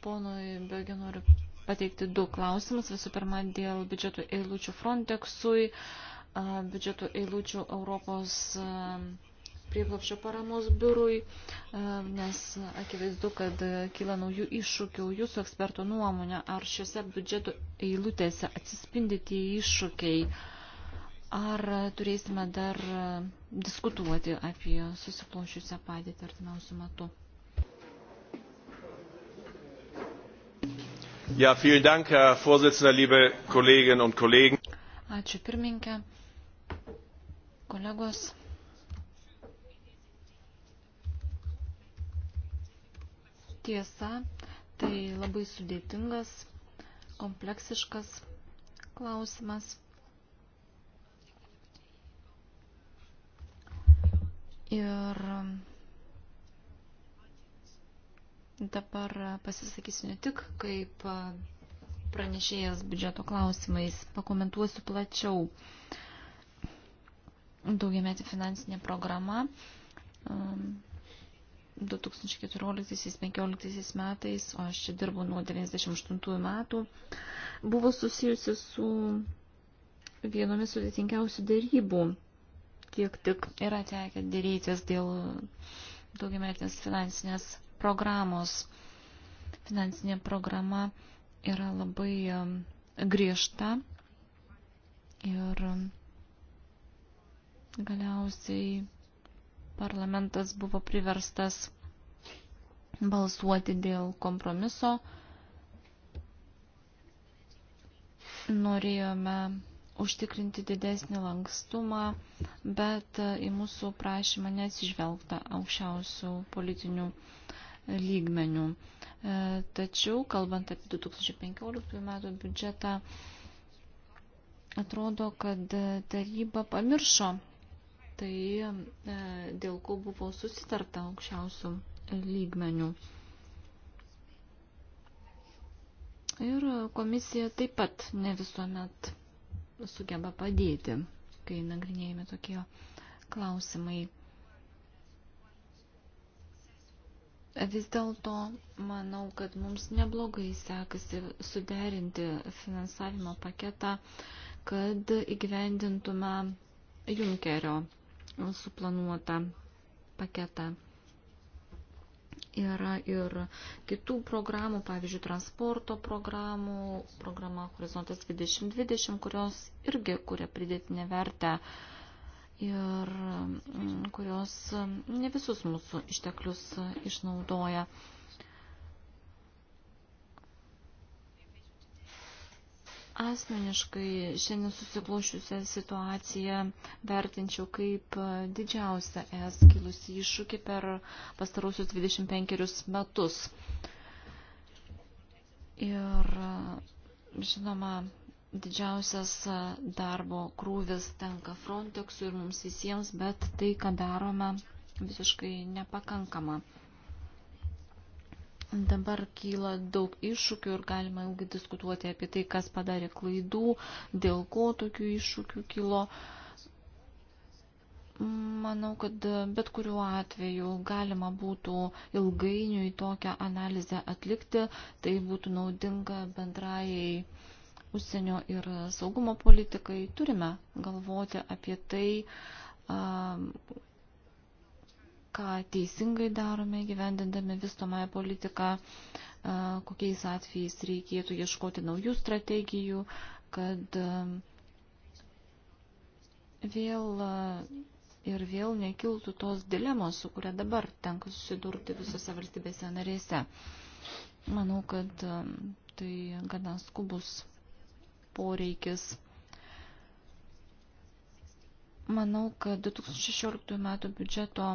Ponui Bėgė noriu pateikti du klausimus. Visų pirma, dėl biudžeto eilučių Frontexui, biudžeto eilučių Europos prieglopščio paramos biurui, nes akivaizdu, kad kyla naujų iššūkių. Jūsų ekspertų nuomonė, ar šiuose biudžeto eilutėse atsispindi tie iššūkiai, ar turėsime dar diskutuoti apie susiklošiusią padėtį artimiausių metų? Ja, vielen Dank, Herr Vorsitzender, liebe Kolleginnen und Kollegen. Ačiū pirmininkė, kolegos. Tiesa, tai labai sudėtingas, kompleksiškas klausimas. Ir Dabar e, pasisakysiu ne tik kaip e, pranešėjas biudžeto klausimais, pakomentuosiu plačiau. Daugiametį finansinę programą 2014-2015 metais, o aš čia dirbu nuo 1998 metų, buvo susijusi su vienomis sudėtingiausių dėrybų. Tiek tik yra tekę dėrytis dėl daugiametės finansinės programos. Finansinė programa yra labai griežta ir galiausiai parlamentas buvo priverstas balsuoti dėl kompromiso. Norėjome užtikrinti didesnį lankstumą, bet į mūsų prašymą nesižvelgta aukščiausių politinių lygmenių. E, tačiau, kalbant apie 2015 metų biudžetą, atrodo, kad taryba pamiršo tai, e, dėl ko buvo susitarta aukščiausių lygmenių. Ir komisija taip pat ne visuomet sugeba padėti, kai nagrinėjame tokie klausimai. Vis dėlto manau, kad mums neblogai sekasi suderinti finansavimo paketą, kad įgyvendintume Junkerio suplanuotą paketą. Yra ir kitų programų, pavyzdžiui, transporto programų, programa Horizontas 2020, kurios irgi kuria pridėtinę vertę uh, ir mm, kurios mm, ne visus mūsų išteklius mm, išnaudoja. Asmeniškai šiandien susiklošiusią situaciją vertinčiau kaip didžiausią es kilusi iššūkį per pastarausius 25 metus. Ir žinoma, didžiausias darbo krūvis tenka Frontexui ir mums visiems, bet tai, ką darome, visiškai nepakankama. Dabar kyla daug iššūkių ir galima ilgai diskutuoti apie tai, kas padarė klaidų, dėl ko tokių iššūkių kilo. Manau, kad bet kuriuo atveju galima būtų ilgainiui tokią analizę atlikti, tai būtų naudinga bendrajai užsienio ir saugumo politikai, turime galvoti apie tai, ką teisingai darome gyvendindami vystomąją politiką, kokiais atvejais reikėtų ieškoti naujų strategijų, kad vėl ir vėl nekiltų tos dilemos, su kuria dabar tenka susidurti visose valstybėse narėse. Manau, kad tai gana skubus poreikis. Manau, kad 2016 metų biudžeto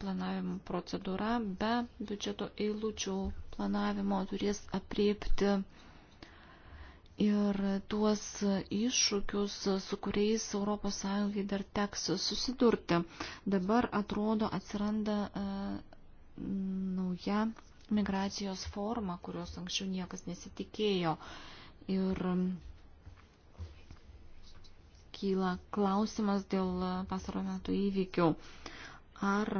planavimo procedūra be biudžeto eilučių planavimo turės apriepti ir tuos iššūkius, su kuriais ES dar teks susidurti. Dabar atrodo atsiranda e, nauja migracijos forma, kurios anksčiau niekas nesitikėjo. Ir kyla klausimas dėl pasaro metų įvykių. Ar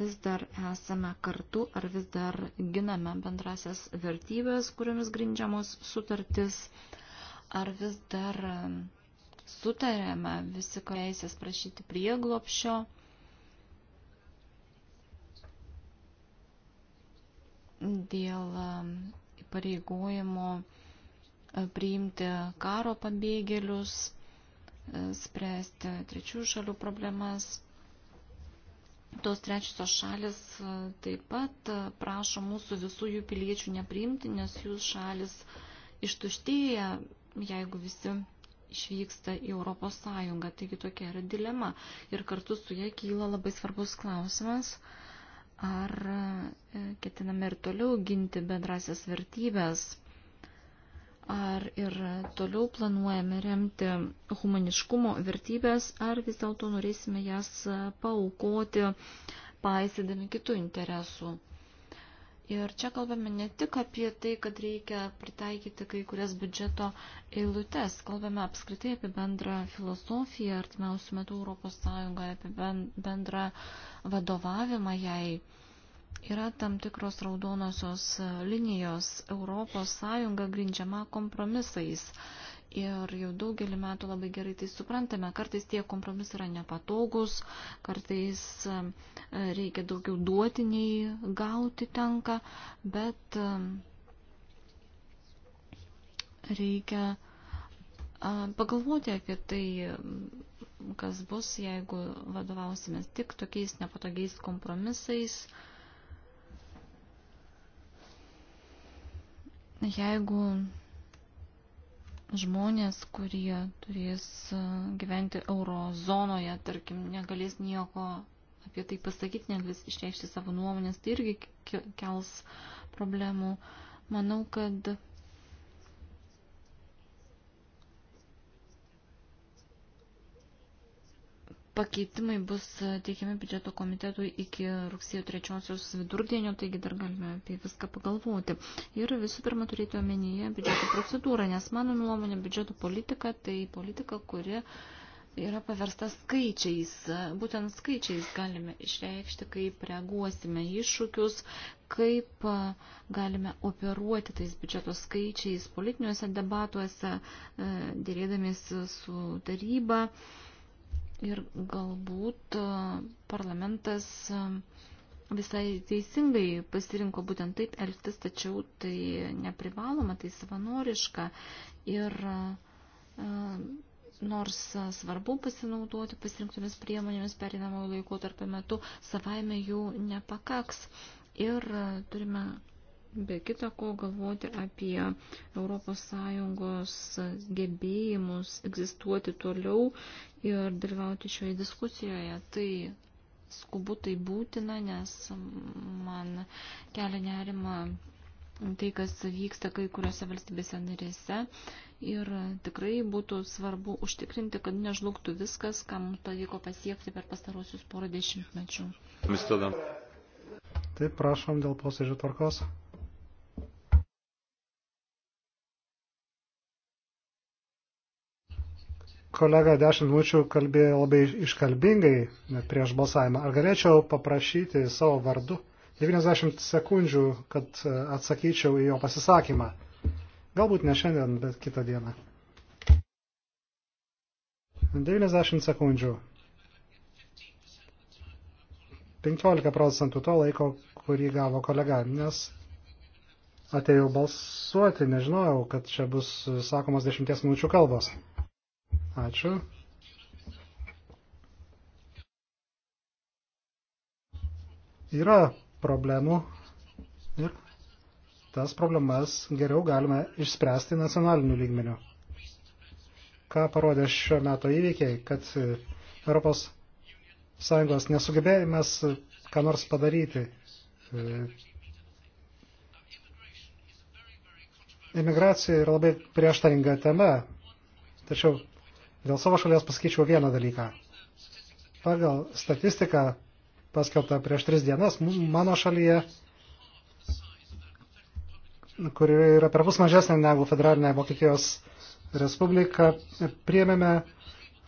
vis dar esame kartu, ar vis dar giname bendrasias vertybės, kuriomis grindžiamos sutartis, ar vis dar um, sutarėme visi teisės prašyti prieglopšio. Dėl um, įpareigojimo uh, priimti karo pabėgėlius spręsti trečių šalių problemas. Tos trečiosios šalis e, taip pat e, prašo mūsų visų jų piliečių nepriimti, nes jų šalis ištuštėja, jeigu visi išvyksta į Europos Sąjungą. Taigi tokia yra dilema. Ir kartu su jie kyla labai svarbus klausimas, ar e, ketiname ir toliau ginti bendrasias vertybės Ar ir toliau planuojame remti humaniškumo vertybės, ar vis dėlto norėsime jas paukoti, paisydami kitų interesų. Ir čia kalbame ne tik apie tai, kad reikia pritaikyti kai kurias biudžeto eilutes, kalbame apskritai apie bendrą filosofiją artimiausių metų Europos Sąjungoje, apie bendrą vadovavimą jai. Yra tam tikros raudonosios linijos. Europos Sąjunga grindžiama kompromisais. Ir jau daugelį metų labai gerai tai suprantame. Kartais tie kompromisai yra nepatogus, kartais e, reikia daugiau duoti, nei gauti tenka, bet e, reikia e, pagalvoti apie tai, kas bus, jeigu vadovausimės tik tokiais nepatogiais kompromisais. Jeigu žmonės, kurie turės e, gyventi eurozonoje, tarkim, negalės nieko apie tai pasakyti, negalės išreikšti savo nuomonės, tai irgi kels problemų. Manau, kad Pakeitimai bus e, teikiami biudžeto komitetui iki rugsėjo 3 vidurdienio, taigi dar galime apie viską pagalvoti. Ir visų pirma turėti omenyje biudžeto procedūrą, nes mano nuomonė biudžeto politika tai politika, kuri yra paversta skaičiais. E, būtent skaičiais galime išreikšti, kaip reaguosime iššūkius, kaip e, galime operuoti tais biudžeto skaičiais politiniuose debatuose, dėrėdamės su taryba Ir galbūt e, parlamentas e, visai teisingai pasirinko būtent taip elgtis, tačiau tai neprivaloma, tai savanoriška. Ir e, nors svarbu pasinaudoti pasirinktomis priemonėmis perinamojo laiko tarp metų, savaime jų nepakaks. Ir turime be kita ko galvoti apie ES gebėjimus egzistuoti toliau ir dalyvauti šioje diskusijoje. Tai skubu tai būtina, nes man kelia nerima tai, kas vyksta kai kuriuose valstybėse narėse. Ir tikrai būtų svarbu užtikrinti, kad nežlugtų viskas, ką mums pavyko pasiekti per pastarosius porą dešimtmečių. Taip, prašom dėl posėdžio tvarkos. kolega dešimt minučių kalbėjo labai iškalbingai prieš balsavimą. Ar galėčiau paprašyti savo vardu 90 sekundžių, kad e, atsakyčiau į jo pasisakymą? Galbūt ne šiandien, bet kitą dieną. 90 sekundžių. 15 procentų to laiko, kurį gavo kolega, nes atėjau balsuoti, nežinojau, kad čia bus sakomas 10 minučių kalbos. Ačiū. Yra problemų ir tas problemas geriau galime išspręsti nacionaliniu lygmeniu. Ką parodė šio meto įveikiai, kad Europos Sąjungos nesugebėjimas ką nors padaryti. E, imigracija yra labai prieštaringa tema, tačiau Dėl savo šalies pasakyčiau vieną dalyką. Pagal statistiką paskelbtą prieš tris dienas, mano šalyje, kuri yra per pus mažesnė negu federalinė Vokietijos Respublika, priėmėme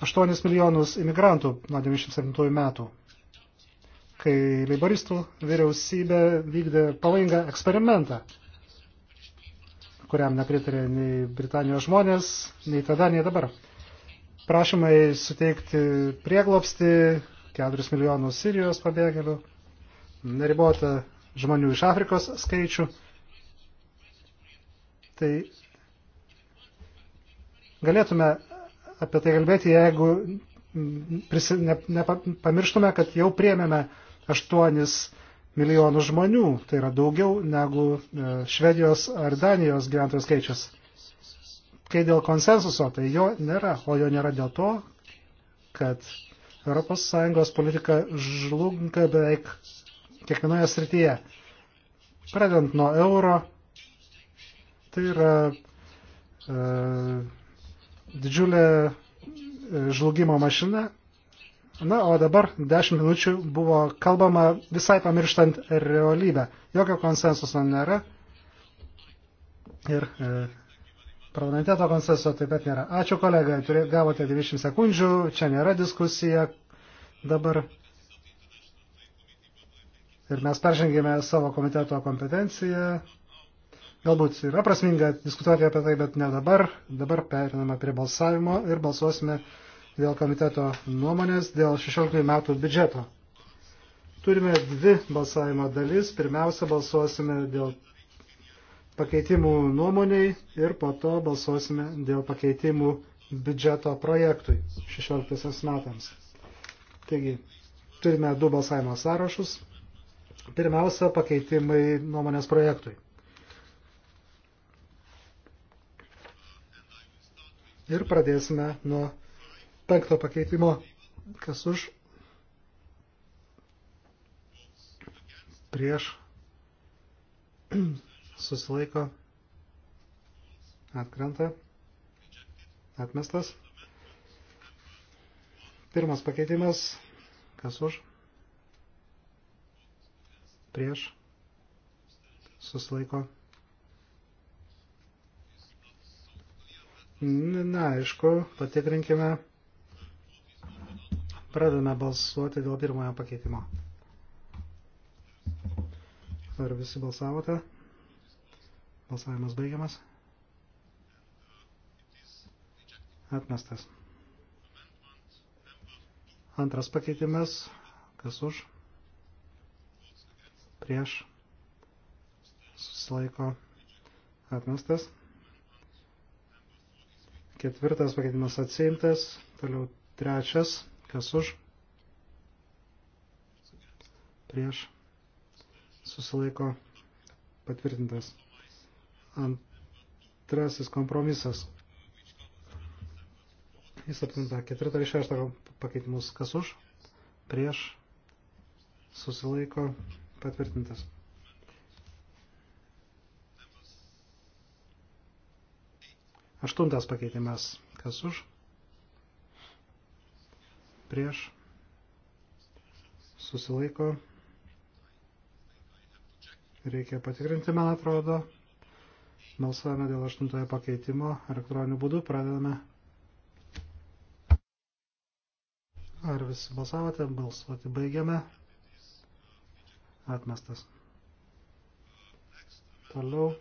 8 milijonus imigrantų nuo 97 metų, kai leiboristų vyriausybė vykdė pavojingą eksperimentą, kuriam nepritarė nei Britanijos žmonės, nei tada, nei dabar prašymai suteikti prieglopsti 4 milijonus Sirijos pabėgėlių, neribota žmonių iš Afrikos skaičių. Tai galėtume apie tai kalbėti, jeigu prisi, ne, nepamirštume, kad jau priemėme 8 milijonų žmonių, tai yra daugiau negu e, Švedijos ar Danijos gyventojų skaičius. Kai dėl konsensuso, tai jo nėra, o jo nėra dėl to, kad ES politika žlunga beveik kiekvienoje srityje. Pradedant nuo euro, tai yra e, didžiulė e, žlugimo mašina. Na, o dabar 10 minučių buvo kalbama visai pamirštant realybę. Jokio konsensuso nėra. Ir e, Parlamenteto konsenso taip pat nėra. Ačiū kolega, gavote 20 sekundžių, čia nėra diskusija dabar. Ir mes peržengėme savo komiteto kompetenciją. Galbūt yra prasminga diskutuoti apie tai, bet ne dabar. Dabar periname prie balsavimo ir balsuosime dėl komiteto nuomonės, dėl 16 metų biudžeto. Turime dvi balsavimo dalis. Pirmiausia, balsuosime dėl pakeitimų nuomoniai ir po to balsuosime dėl pakeitimų biudžeto projektui 16 metams. Taigi, turime du balsavimo sąrašus. Pirmiausia, pakeitimai nuomonės projektui. Ir pradėsime nuo penkto pakeitimo, kas už prieš susilaiko, atkrenta, atmestas. Pirmas pakeitimas, kas už, prieš, susilaiko. Neaišku, patikrinkime. Pradame balsuoti dėl pirmojo pakeitimo. Ar visi balsavote? Balsavimas baigiamas. Atmestas. Antras pakeitimas. Kas už? Prieš. Susilaiko. Atmestas. Ketvirtas pakeitimas atsiimtas. Toliau trečias. Kas už? Prieš. Susilaiko. Patvirtintas. Antrasis kompromisas. Jis aptinta ketvirtą ir šeštą pakeitimus. Kas už? Prieš. Susilaiko. Patvirtintas. Aštuntas pakeitimas. Kas už? Prieš. Susilaiko. Reikia patikrinti, man atrodo. Balsuojame dėl aštuntojo pakeitimo elektroniniu būdu. Pradedame. Ar visi balsavote? Balsuoti baigiame. Atmestas. Toliau.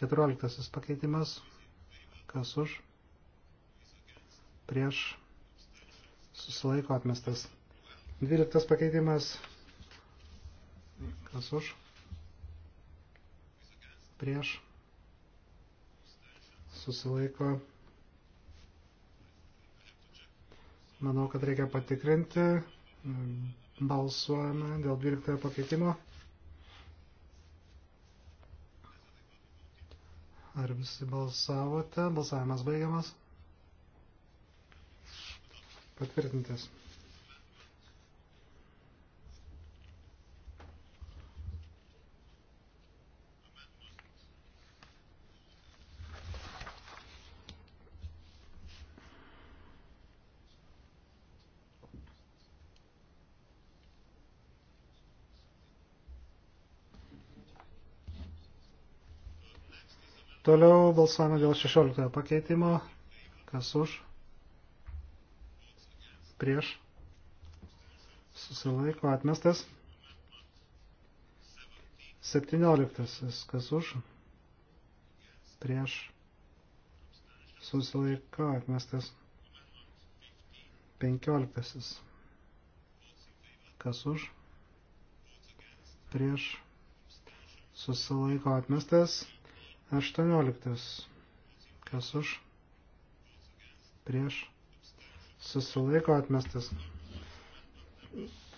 Keturioliktasis pakeitimas. Kas už? Prieš. Susilaiko atmestas. Dvyliktas pakeitimas. Kas už? Prieš susilaiko. Manau, kad reikia patikrinti. Balsuojame dėl 12 pakeitimo. Ar visi balsavote? Balsavimas baigiamas. Patvirtintas. Toliau balsuojame dėl 16 pakeitimo. Kas už? Prieš. Susilaiko atmestas. 17. Kas už? Prieš. Susilaiko atmestas. 15. Kas už? Prieš. Susilaiko atmestas. 18. Kas už? Prieš. Susilaiko atmestas.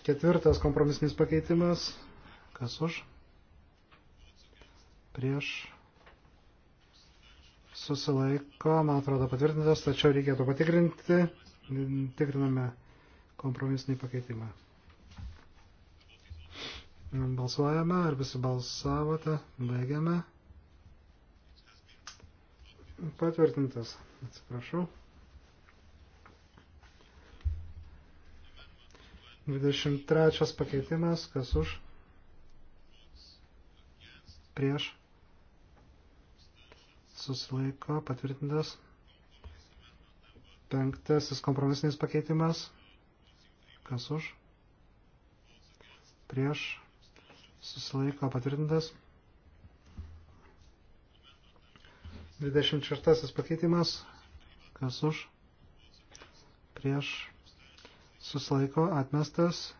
Ketvirtas kompromisinis pakeitimas. Kas už? Prieš. Susilaiko, man atrodo, patvirtintas, tačiau reikėtų patikrinti. Tikriname kompromisinį pakeitimą. Balsuojame, ar visi balsavote, baigiame. Patvirtintas, atsiprašau. 23 pakeitimas, kas už? Prieš. Susilaiko, patvirtintas. Penktasis kompromisinis pakeitimas. Kas už? Prieš. Susilaiko, patvirtintas. 26 pakeitimas. Kas už? Prieš. Susilaiko atmestas.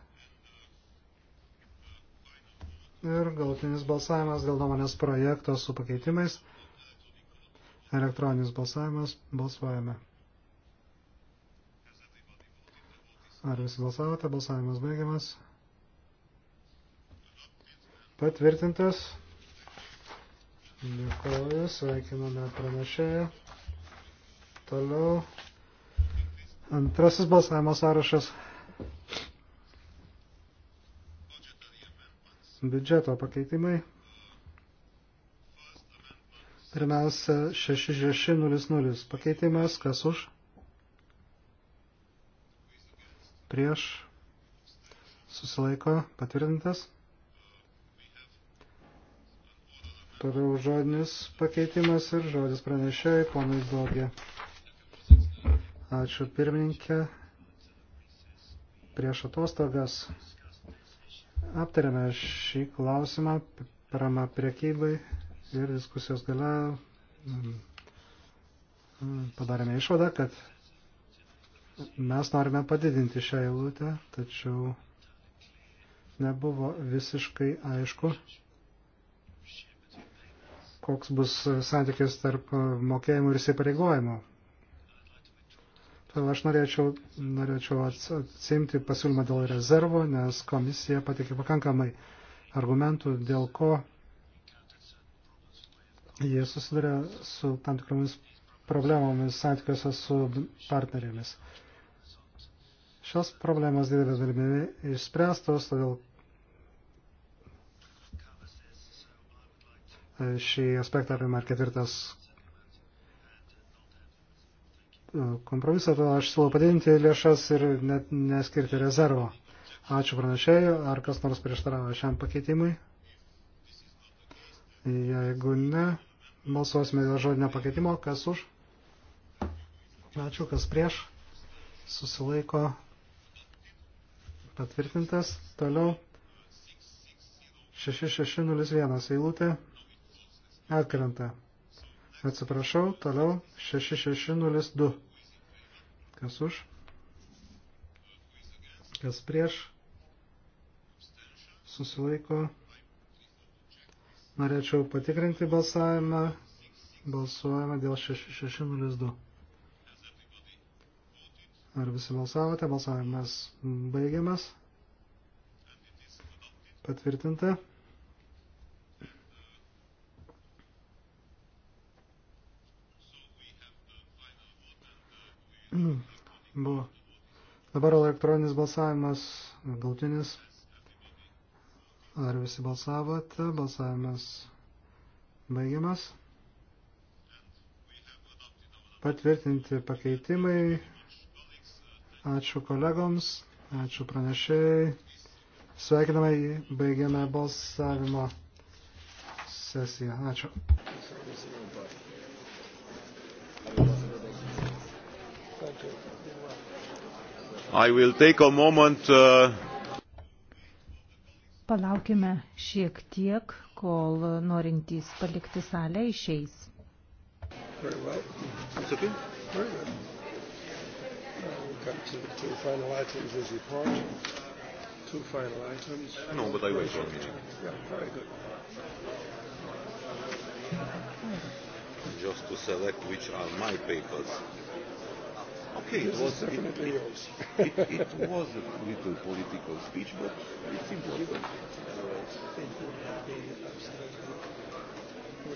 Ir galutinis balsavimas dėl nuomonės projekto su pakeitimais. Elektroninis balsavimas. Balsuojame. Ar visi balsavote? Balsavimas baigiamas. Patvirtintas. Dėkuoju, sveikiname pranešėją. Toliau. Antrasis balsavimo sąrašas. Biudžeto pakeitimai. Pirmiausia, 6600 pakeitimas, kas už? Prieš. Susilaiko patvirtintas. Toliau žodinis pakeitimas ir žodis pranešėjai, ponai Dogė. Ačiū pirmininkė. Prieš atostogas aptarėme šį klausimą, parama priekybai ir diskusijos gale mm, mm, padarėme išvadą, kad mes norime padidinti šią eilutę, tačiau nebuvo visiškai aišku, koks bus santykis tarp mokėjimų ir įsipareigojimų. Todėl aš norėčiau, norėčiau atsimti pasiūlymą dėl rezervo, nes komisija patikė pakankamai argumentų, dėl ko jie susiduria su tam tikromis problemomis santykiuose su partnerėmis. Šios problemos didelė dalimi išspręstos, todėl šį aspektą apima ir ketvirtas e, kompromisą, to aš siūlau padidinti lėšas ir net neskirti rezervo. Ačiū pranešėjui, ar kas nors prieštaravo šiam pakeitimui. Jeigu ne, balsuosime dėl žodinio pakeitimo, kas už. Ačiū, kas prieš. Susilaiko patvirtintas. Toliau 6601 eilutė. Atkrenta. Atsiprašau, toliau 6602. Kas už? Kas prieš? Susilaiko. Norėčiau patikrinti balsavimą. Balsuojame dėl 6602. Ar visi balsavote? Balsavimas baigiamas. Patvirtinta. Nu, buvo. Dabar elektroninis balsavimas galtinis. Ar visi balsavote? Balsavimas baigiamas. Patvirtinti pakeitimai. Ačiū kolegoms, ačiū pranešėjai. Sveikinamai baigiame balsavimo sesiją. Ačiū. I will take a moment. Uh... Palaukime šiek tiek, kol norintys palikti salę išeis. Very well. It's okay. Very well. Now we'll come to the two final items as report. Two final items. No, but I wait one minute. Yeah, very good. Just to select which are my papers. Okay, this it was, is definitely it, yours. it, it, it was a little political speech, but it's important. It would have been absolutely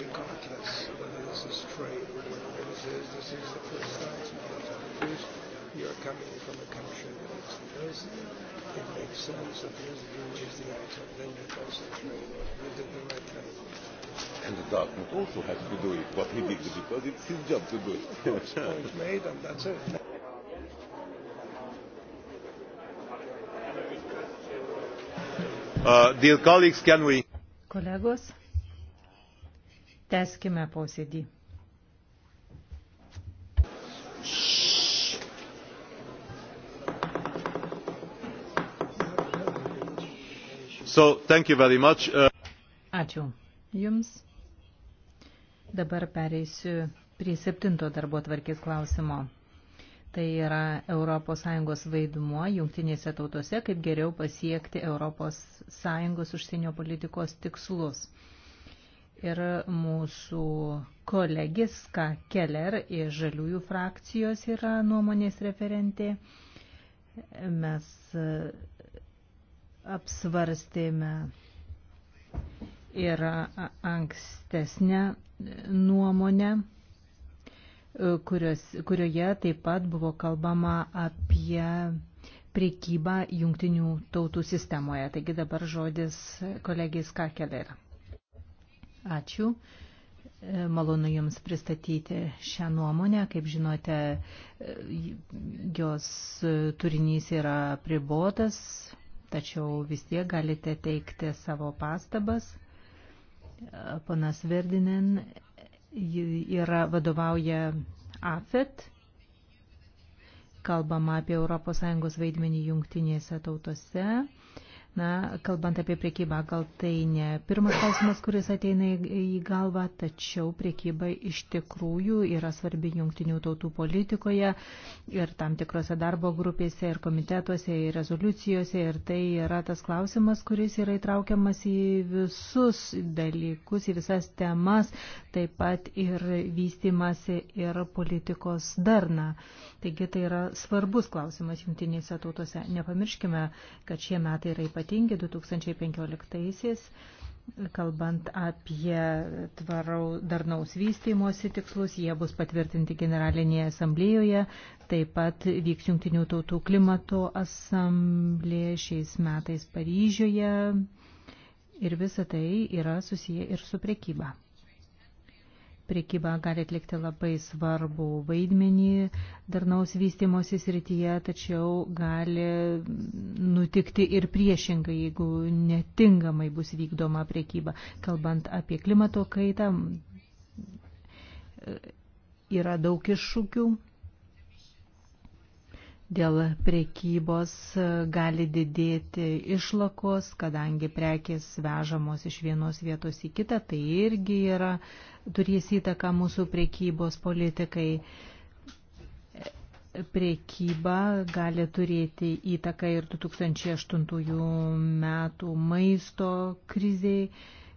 regardless whether this is trade or whether this is, this is the first time countries. You're coming from a country that is diverse. It makes sense that as you raise the item, then you concentrate. You did the right thing. And Dartmouth also has to do it, what he did, because it's his job to do it. point made, and that's it. Uh, we... Kolegos, teskime posėdį. So, thank you very much. Uh... Ačiū Jums. Dabar pereisiu prie septinto darbo tvarkės klausimo. Tai yra ES vaidmuo jungtinėse tautose, kaip geriau pasiekti ES užsienio politikos tikslus. Ir mūsų kolegis Ska Keller iš Žaliųjų frakcijos yra nuomonės referentė. Mes e, apsvarstėme ir ankstesnę e, nuomonę kurios, kurioje taip pat buvo kalbama apie priekybą jungtinių tautų sistemoje. Taigi dabar žodis kolegijai Skakeler. Ačiū. Malonu Jums pristatyti šią nuomonę. Kaip žinote, jos turinys yra pribotas, tačiau vis tiek galite teikti savo pastabas. Panas Verdinen yra vadovauja AFET. Kalbama apie ES vaidmenį jungtinėse tautose Na, kalbant apie priekybą, gal tai ne pirmas klausimas, kuris ateina į galvą, tačiau priekyba iš tikrųjų yra svarbi jungtinių tautų politikoje ir tam tikrose darbo grupėse ir komitetuose ir rezoliucijose ir tai yra tas klausimas, kuris yra įtraukiamas į visus dalykus, į visas temas, taip pat ir vystimasi ir politikos darna. Taigi tai yra svarbus klausimas jungtinėse tautose. Nepamirškime, kad šie metai yra ypač ypatingi 2015-aisiais, kalbant apie tvarau darnaus vystymosi tikslus, jie bus patvirtinti Generalinėje asamblėjoje, taip pat vyks Junktinių tautų klimato asamblė šiais metais Paryžiuje ir visa tai yra susiję ir su prekyba. Priekyba gali atlikti labai svarbų vaidmenį darnaus vystimosi srityje, tačiau gali nutikti ir priešingai, jeigu netinkamai bus vykdoma priekyba. Kalbant apie klimato kaitą, yra daug iššūkių dėl prekybos gali didėti išlakos, kadangi prekės vežamos iš vienos vietos į kitą, tai irgi yra, turės įtaką mūsų prekybos politikai. Prekyba gali turėti įtaką ir 2008 metų maisto kriziai,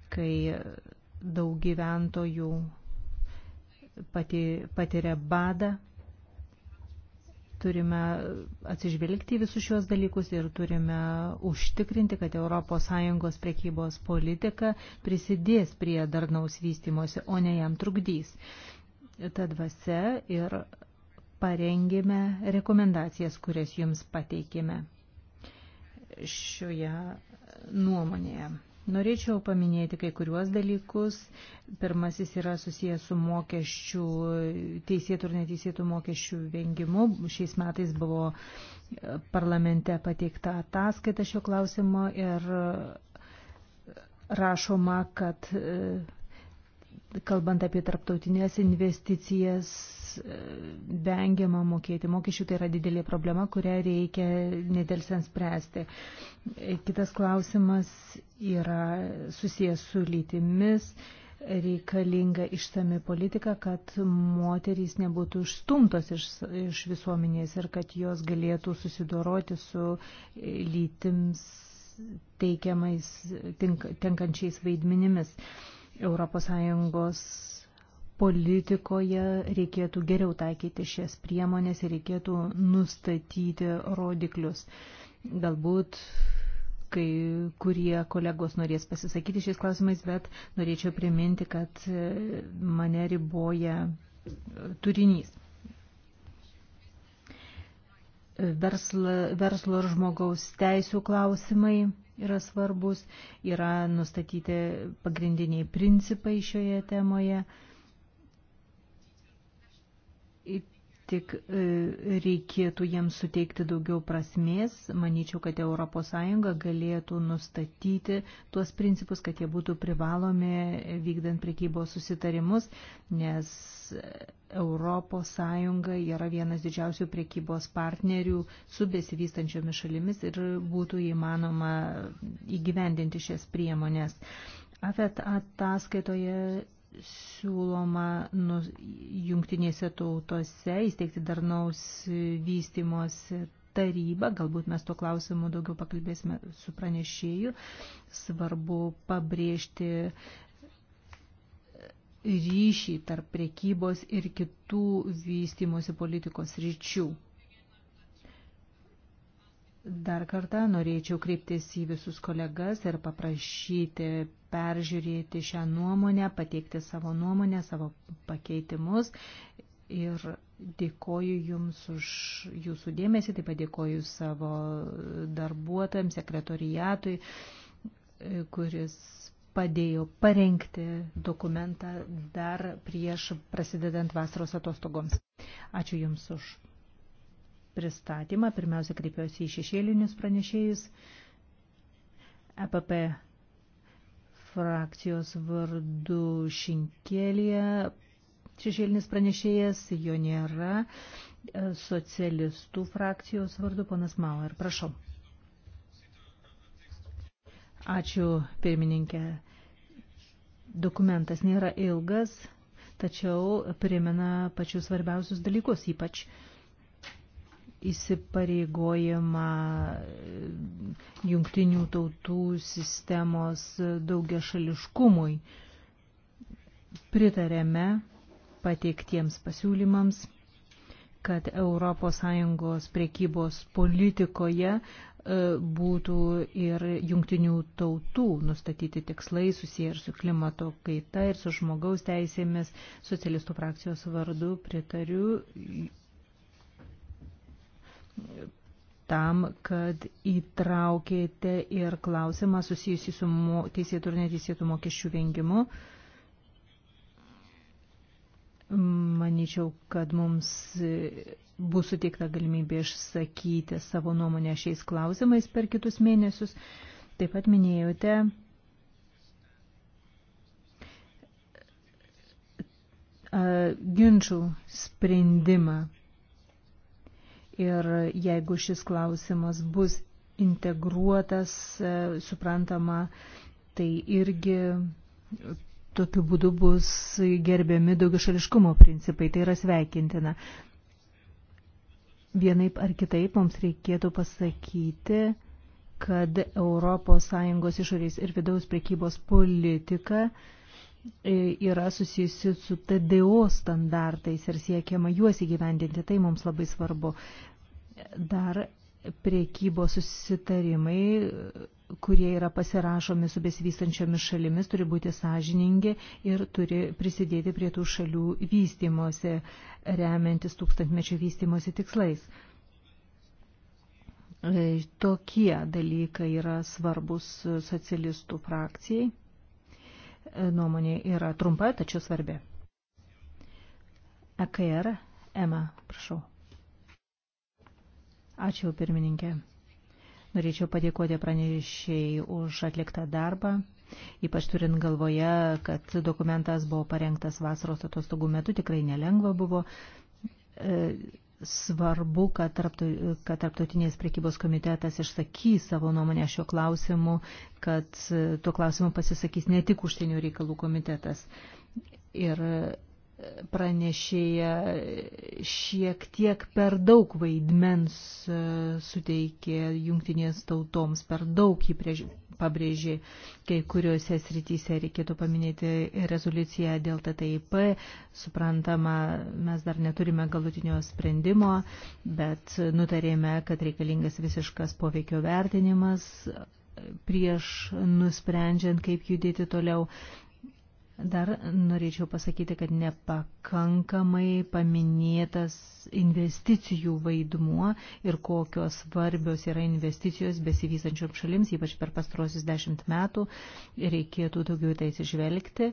kai daug gyventojų patiria badą Turime atsižvelgti į visus šios dalykus ir turime užtikrinti, kad ES prekybos politika prisidės prie darnaus vystimosi, o ne jam trukdys. Ta dvasia ir parengėme rekomendacijas, kurias jums pateikėme šioje nuomonėje. Norėčiau paminėti kai kuriuos dalykus. Pirmasis yra susijęs su mokesčių, teisėtų ir neteisėtų mokesčių vengimu. Šiais metais buvo e, parlamente pateikta ataskaita šio klausimo ir e, rašoma, kad e, kalbant apie tarptautinės investicijas, e, vengiama mokėti mokesčių, tai yra didelė problema, kurią reikia nedelsiant spręsti. E, kitas klausimas yra susijęs su lytimis, reikalinga išsami politika, kad moterys nebūtų išstumtos iš, iš visuomenės ir kad jos galėtų susidoroti su lytims teikiamais, tink, tenkančiais vaidmenimis. Uh, ES politikoje reikėtų geriau taikyti šias priemonės ir reikėtų nustatyti rodiklius. Galbūt kai kurie kolegos norės pasisakyti šiais klausimais, bet norėčiau priminti, kad mane riboja turinys. Verslo, verslo ir žmogaus teisų klausimai yra svarbus, yra nustatyti pagrindiniai principai šioje temoje. tik e, reikėtų jiems suteikti daugiau prasmės. Manyčiau, kad ES galėtų nustatyti tuos principus, kad jie būtų privalomi vykdant prekybos susitarimus, nes ES yra vienas didžiausių prekybos partnerių su besivystančiomis šalimis ir būtų įmanoma įgyvendinti šias priemonės. AFET ataskaitoje siūloma nu, jungtinėse tautose įsteigti darnaus vystimosi tarybą, galbūt mes tuo klausimu daugiau pakalbėsime su pranešėju. Svarbu pabrėžti ryšį tarp priekybos ir kitų vystimosi politikos ryčių. Dar kartą norėčiau kreiptis į visus kolegas ir paprašyti peržiūrėti šią nuomonę, pateikti savo nuomonę, savo pakeitimus. Ir dėkoju Jums už Jūsų dėmesį, taip pat dėkoju savo darbuotojams, sekretorijatui, kuris padėjo parengti dokumentą dar prieš prasidedant vasaros atostogoms. Ačiū Jums už pristatymą. Pirmiausia, kreipiuosi į šešėlinius pranešėjus. EPP frakcijos vardu Šinkėlė. Šešėlinis pranešėjas jo nėra. E, socialistų frakcijos vardu ponas Mauer. Prašau. Ačiū, pirmininkė. Dokumentas nėra ilgas, tačiau primena pačius svarbiausius dalykus, ypač uh, įsipareigojimą e, jungtinių tautų sistemos daugia šališkumui. Pritarėme pateiktiems pasiūlymams, kad ES priekybos politikoje e, būtų ir jungtinių tautų nustatyti tikslai susiję ir su klimato kaita, ir su žmogaus teisėmis. Socialistų frakcijos vardu pritariu tam, kad įtraukėte ir klausimą susijusį su teisėtų ir neteisėtų mokesčių vengimu. Maničiau, kad mums bus suteikta galimybė išsakyti savo nuomonę šiais klausimais per kitus mėnesius. Taip pat minėjote ginčių sprendimą Ir jeigu šis klausimas bus integruotas, e, suprantama, tai irgi tokiu būdu bus gerbiami daugišališkumo principai. Tai yra sveikintina. Vienaip ar kitaip mums reikėtų pasakyti, kad ES išorės ir vidaus prekybos politika uh, E, yra susijusi su TDO standartais ir siekiama juos įgyvendinti. Tai mums labai svarbu. Dar priekybos susitarimai, kurie yra pasirašomi su besivystančiomis šalimis, turi būti sąžiningi ir turi prisidėti prie tų šalių vystimuose, remiantis tūkstantmečio vystimuose tikslais. E, tokie dalykai yra svarbus socialistų frakcijai nuomonė yra trumpa, tačiau svarbi. EKR, er, Ema, prašau. Ačiū, pirmininkė. Norėčiau padėkoti pranešėjai už atliktą darbą, ypač turint galvoje, kad dokumentas buvo parengtas vasaros atostogų metu, tikrai nelengva buvo. E, svarbu, kad, tarptu, kad tarptautinės priekybos komitetas išsakys savo nuomonę šiuo klausimu, kad tuo klausimu pasisakys ne tik užsienio reikalų komitetas. Ir pranešėja šiek tiek per daug vaidmens e, suteikė jungtinės tautoms, per daug jį priež... pabrėžė, kai kuriuose srityse reikėtų paminėti rezoliuciją dėl TTIP. Suprantama, mes dar neturime galutinio sprendimo, bet nutarėme, kad reikalingas visiškas poveikio vertinimas prieš nusprendžiant, kaip judėti toliau. Dar norėčiau pasakyti, kad nepakankamai paminėtas investicijų vaidmuo ir kokios svarbios yra investicijos besivysančiom šalims, ypač per pastrosius dešimt metų, reikėtų daugiau tai atsižvelgti.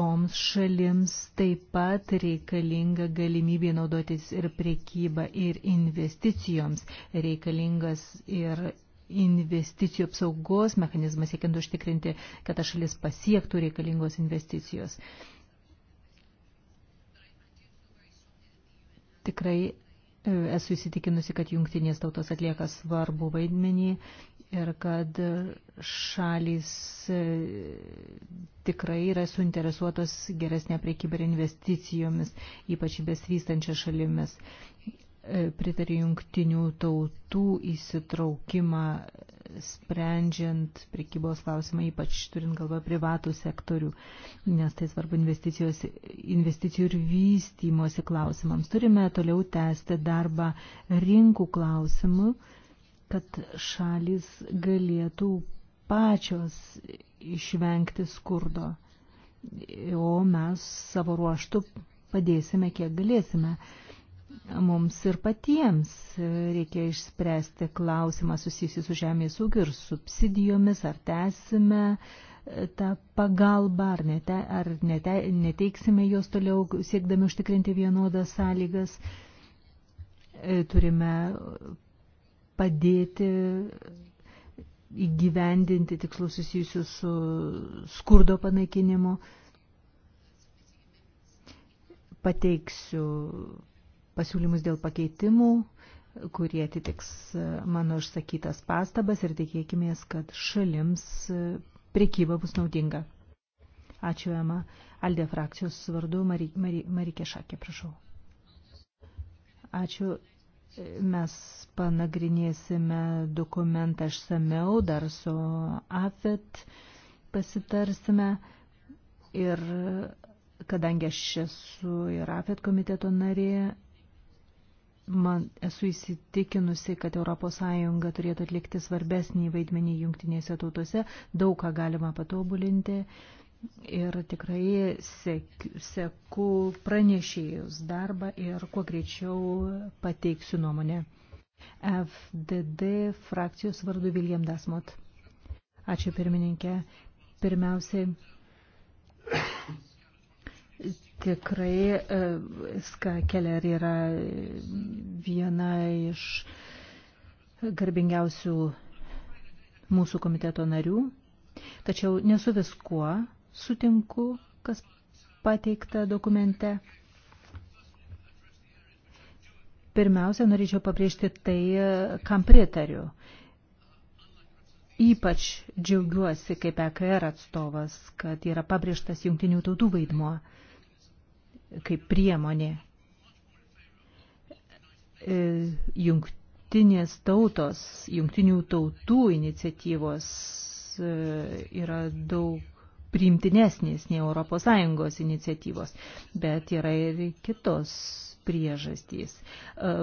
Toms šalims taip pat reikalinga galimybė naudotis ir priekyba, ir investicijoms reikalingas ir investicijų apsaugos mechanizmą siekiant užtikrinti, kad ta šalis pasiektų reikalingos investicijos. Tikrai e, esu įsitikinusi, kad jungtinės tautos atlieka svarbu vaidmenį ir kad šalys e, tikrai yra suinteresuotos geresnė priekybė ir investicijomis, ypač besvystančias šalimis. E, pritarė jungtinių tautų įsitraukimą sprendžiant prekybos klausimą, ypač turint galvą privatų sektorių, nes tai svarbu investicijų ir vystymosi klausimams. Turime toliau tęsti darbą rinkų klausimų, kad šalis galėtų pačios išvengti skurdo, o mes savo ruoštų padėsime, kiek galėsime mums ir patiems reikia išspręsti klausimą susijusi su žemės ūkiu ir subsidijomis, ar tęsime e, tą pagalbą, ar, nete, ar nete, neteiksime jos toliau, siekdami užtikrinti vienodas sąlygas. E, turime padėti įgyvendinti tikslus susijusius su skurdo panaikinimu. Pateiksiu pasiūlymus dėl pakeitimų, kurie atitiks mano išsakytas pastabas ir tikėkime, kad šalims prekyba bus naudinga. Ačiū, Ema. Aldė frakcijos vardu Marikė Mari, Mari, Šakė, prašau. Ačiū. Mes panagrinėsime dokumentą išsameu, dar su AFET pasitarsime. Ir kadangi aš esu ir AFET komiteto narė, man esu įsitikinusi, kad ES turėtų atlikti svarbesnį vaidmenį jungtinėse tautose, daug ką galima patobulinti. Ir tikrai sek, seku pranešėjus darbą ir kuo greičiau pateiksiu nuomonę. FDD frakcijos vardu Viljam Dasmot. Ačiū pirmininkė. Pirmiausiai tikrai e, Ska Keller yra viena iš garbingiausių mūsų komiteto narių, tačiau nesu viskuo sutinku, kas pateikta dokumente. Pirmiausia, norėčiau pabrėžti tai, kam pritariu. Ypač džiaugiuosi kaip EKR atstovas, kad yra pabrėžtas jungtinių tautų vaidmuo kaip priemonė. E, jungtinės tautos, jungtinių tautų iniciatyvos e, yra daug priimtinesnės nei ES iniciatyvos, bet yra ir kitos priežastys. E,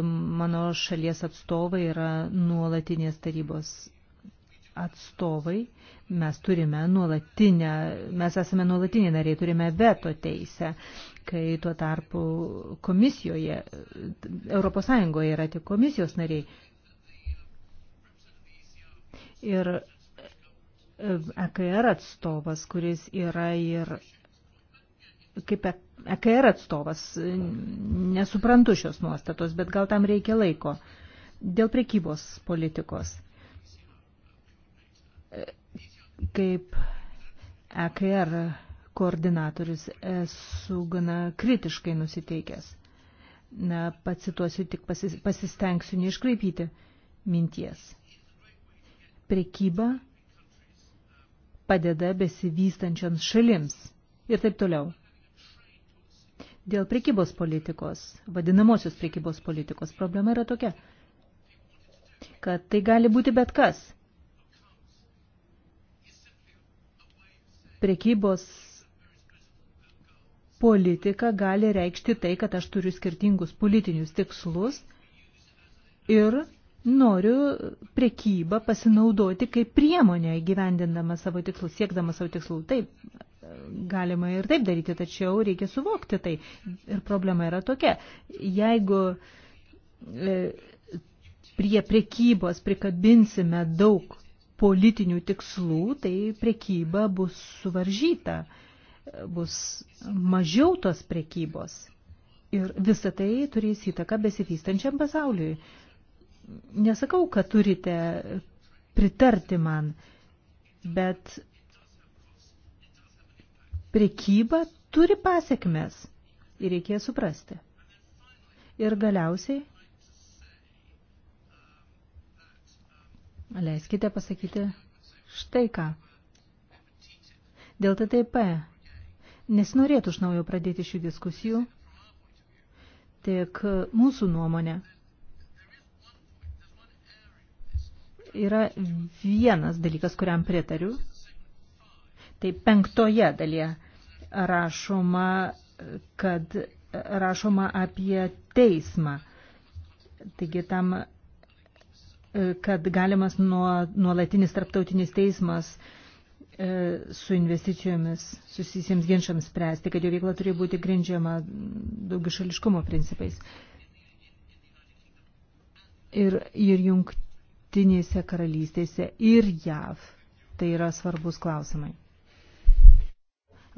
mano šalies atstovai yra nuolatinės tarybos atstovai, mes turime nuolatinę, mes esame nuolatinė nariai, turime veto teisę kai tuo tarpu komisijoje, ES yra tik komisijos nariai. Ir EKR e atstovas, kuris yra ir kaip EKR atstovas, nesuprantu šios nuostatos, bet gal tam reikia laiko. Dėl prekybos politikos. E, kaip EKR koordinatorius, esu gana kritiškai nusiteikęs. Na, pacituosiu, tik pasis, pasistengsiu neiškraipyti minties. Prekyba padeda besivystančiams šalims ir taip toliau. Dėl prekybos politikos, vadinamosios prekybos politikos, problema yra tokia, kad tai gali būti bet kas. Prekybos politika gali reikšti tai, kad aš turiu skirtingus politinius tikslus ir noriu prekybą pasinaudoti kaip priemonę įgyvendindama savo tikslus, siekdama savo tikslų. Taip, galima ir taip daryti, tačiau reikia suvokti tai. Ir problema yra tokia. Jeigu e, prie prekybos prikabinsime daug politinių tikslų, tai prekyba bus suvaržyta bus mažiau tos prekybos. Ir visa tai turės įtaką besivystančiam pasauliui. Nesakau, kad turite pritarti man, bet prekyba turi pasiekmes ir reikės suprasti. Ir galiausiai, leiskite pasakyti štai ką. Dėl TTP nesinorėtų iš naujo pradėti šių diskusijų, tik mūsų nuomonė yra vienas dalykas, kuriam pritariu. Tai penktoje dalyje rašoma, kad rašoma apie teismą. Taigi tam, kad galimas nuolatinis tarptautinis teismas uh, E, su investicijomis susijusiems ginčiams spręsti, kad jo veikla turi būti grindžiama daugišališkumo principais. Ir, ir jungtinėse karalystėse, ir JAV tai yra svarbus klausimai.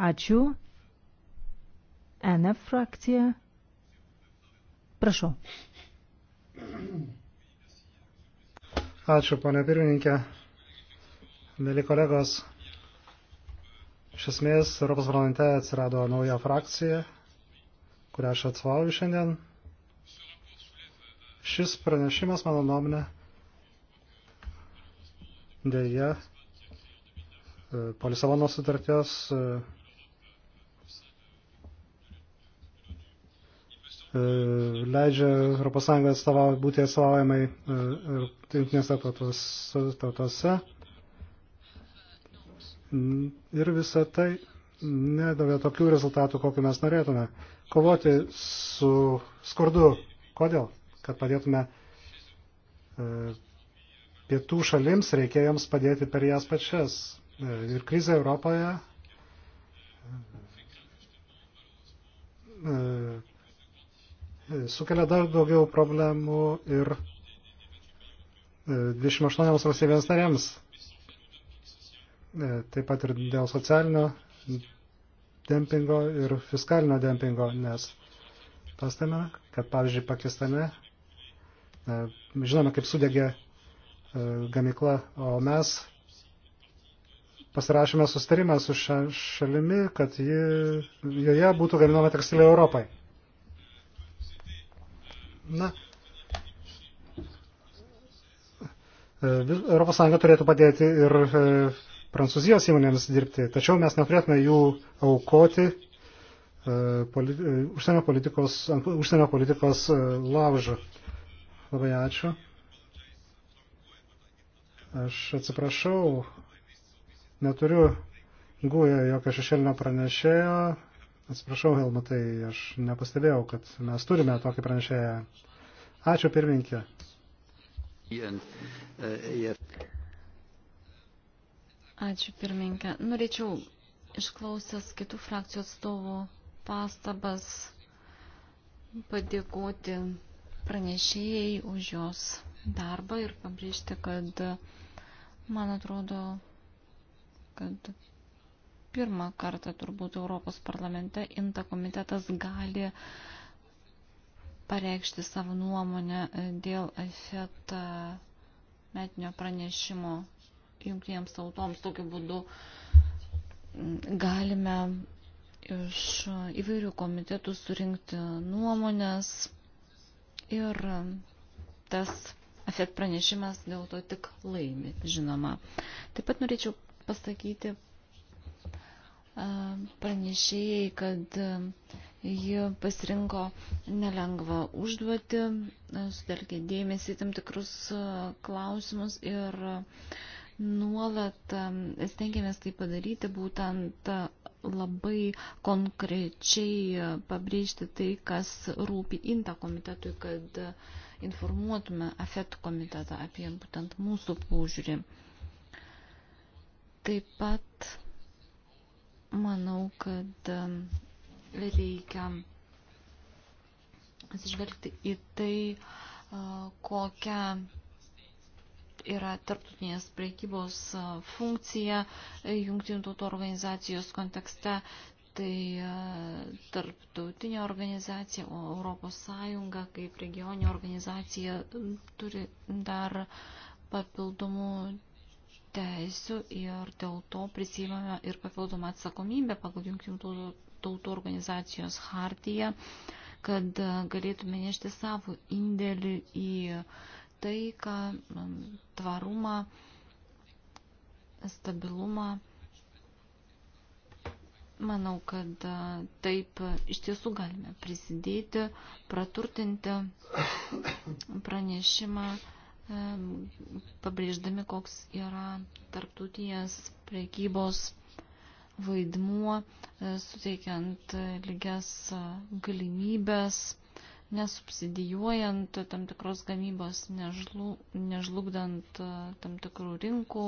Ačiū. NF frakcija. Prašau. Ačiū, ponia pirmininkė. Mėly kolegos, Iš esmės, Europos parlamente atsirado nauja frakcija, kurią aš atsvauju šiandien. Šis pranešimas, mano nuomonė, dėja, e, po Lisabono sutarties e, leidžia Europos Sąjungą atstovauti, būti atstovaujamai e, jungtinėse tautose. Mm, ir visa tai nedavė tokių rezultatų, kokiu mes norėtume. Kovoti su skurdu. Kodėl? Kad padėtume e, pietų šalims, reikia joms padėti per jas pačias. E, ir krizė Europoje e, sukelia dar daugiau problemų ir 28 valstybėms narėms. E, taip pat ir dėl socialinio dempingo ir fiskalinio dempingo, nes pastame, kad pavyzdžiui Pakistane, e, žinome, kaip sudegė e, gamikla, o mes pasirašėme sustarimą su ša šalimi, kad ji, joje būtų gaminama tekstilė Europai. Na, Europos Sąjunga turėtų padėti ir prancūzijos įmonėms dirbti, tačiau mes neturėtume jų aukoti e, politi e, užsienio politikos, užsienio politikos e, laužo. Labai ačiū. Aš atsiprašau, neturiu guoja jokio šešėlinio pranešėjo. Atsiprašau, Helmutai, aš nepastebėjau, kad mes turime tokį pranešėją. Ačiū pirminkė. Ačiū pirmininkė. Norėčiau išklausęs kitų frakcijų atstovų pastabas padėkoti pranešėjai už jos darbą ir pabrėžti, kad man atrodo, kad pirmą kartą turbūt Europos parlamente INTA komitetas gali pareikšti savo nuomonę dėl efektą metinio pranešimo jungtinėms tautoms. Tokiu būdu mm, galime iš įvairių komitetų surinkti nuomonės ir mm, tas afet pranešimas dėl to tik laimi, žinoma. Taip pat norėčiau pasakyti pranešėjai, kad ji pasirinko nelengvą užduotį, sutelkė dėmesį tam tikrus klausimus ir uh, nuolat stengiamės tai padaryti, būtent e, labai konkrečiai e, pabrėžti tai, kas rūpi INTA komitetui, kad e, informuotume AFET komitetą apie būtent mūsų paužiūrį. Taip pat manau, kad reikia atsižvelgti į tai, kokią yra tarptautinės prekybos funkcija e, jungtinių tautų organizacijos kontekste. Tai tarptautinė organizacija, o Europos Sąjunga kaip regioninė organizacija turi dar papildomų teisių ir dėl to prisimame ir papildomą atsakomybę pagal jungtinių tautų organizacijos hartiją, kad galėtume nešti savo indėlį į taiką, tvarumą, stabilumą. Manau, kad taip iš tiesų galime prisidėti, praturtinti pranešimą, pabrėždami, koks yra tarptautinės prekybos vaidmuo, suteikiant lygias galimybės nesubsidijuojant tam tikros gamybos, nežlu, nežlugdant e, tam tikrų rinkų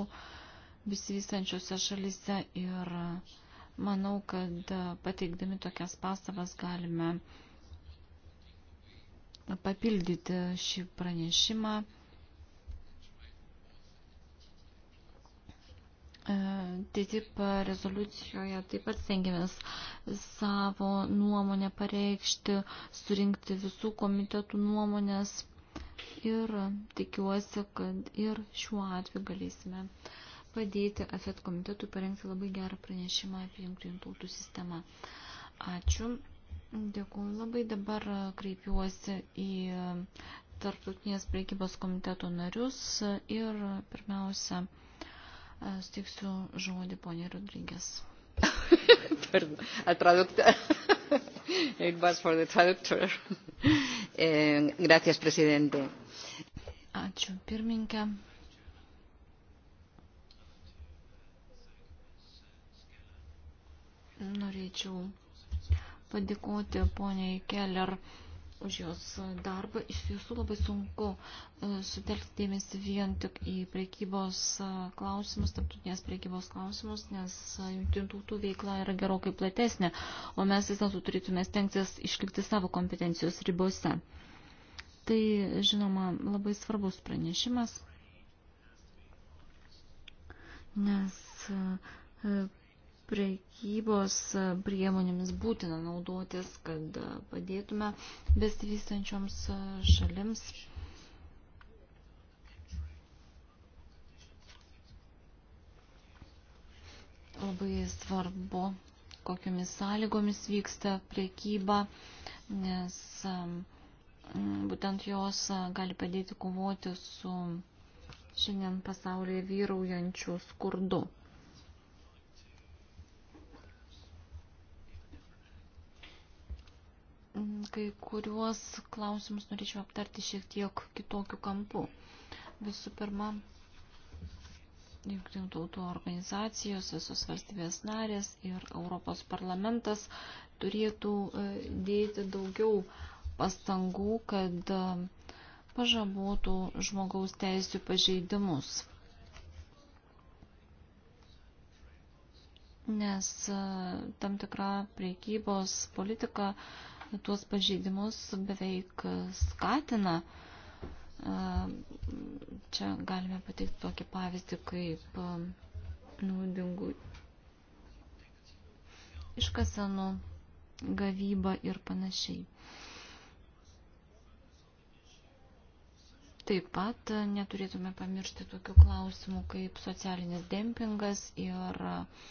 besivystančiose šalyse. Ir manau, kad e, pateikdami tokias pastabas galime papildyti šį pranešimą. TTIP rezoliucijoje taip pat stengiamės savo nuomonę pareikšti, surinkti visų komitetų nuomonės ir tikiuosi, kad ir šiuo atveju galėsime padėti AFET komitetui parengti labai gerą pranešimą apie jungtinių tautų sistemą. Ačiū. Dėkuoju labai. Dabar kreipiuosi į tarptautinės priekybos komiteto narius ir pirmiausia Stiksiu žodį ponė Rodrygės. Al traductor. It was for the traductor. Eh, gracias, presidente. Ačiū, pirmininkė. Norėčiau padėkoti poniai Keller už jos darbą. Iš tiesų labai sunku e, sutelkti dėmesį vien tik į prekybos e, klausimus, tarptautinės prekybos klausimus, nes e, jungtinių tautų veikla yra gerokai platesnė, o mes vis dėlto turėtume stengtis išlikti savo kompetencijos ribose. Tai, žinoma, labai svarbus pranešimas, nes prekybos priemonėmis būtina naudotis, kad padėtume besivystančioms šalims. Labai svarbu, kokiamis sąlygomis vyksta priekyba, nes um, būtent jos gali padėti kovoti su šiandien pasaulyje vyraujančiu skurdu. Mm, kai kuriuos klausimus norėčiau aptarti šiek tiek kitokiu kampu. Visų pirma, Junktinių tautų organizacijos, visos valstybės narės ir Europos parlamentas turėtų e, dėti daugiau pastangų, kad e, pažabotų žmogaus teisų pažeidimus. Nes e, tam tikra priekybos politika uh, tuos pažeidimus beveik skatina. Čia galime pateikti tokį pavyzdį kaip naudingų iškasenų gavybą ir panašiai. Taip pat neturėtume pamiršti tokių klausimų kaip socialinis dempingas ir uh,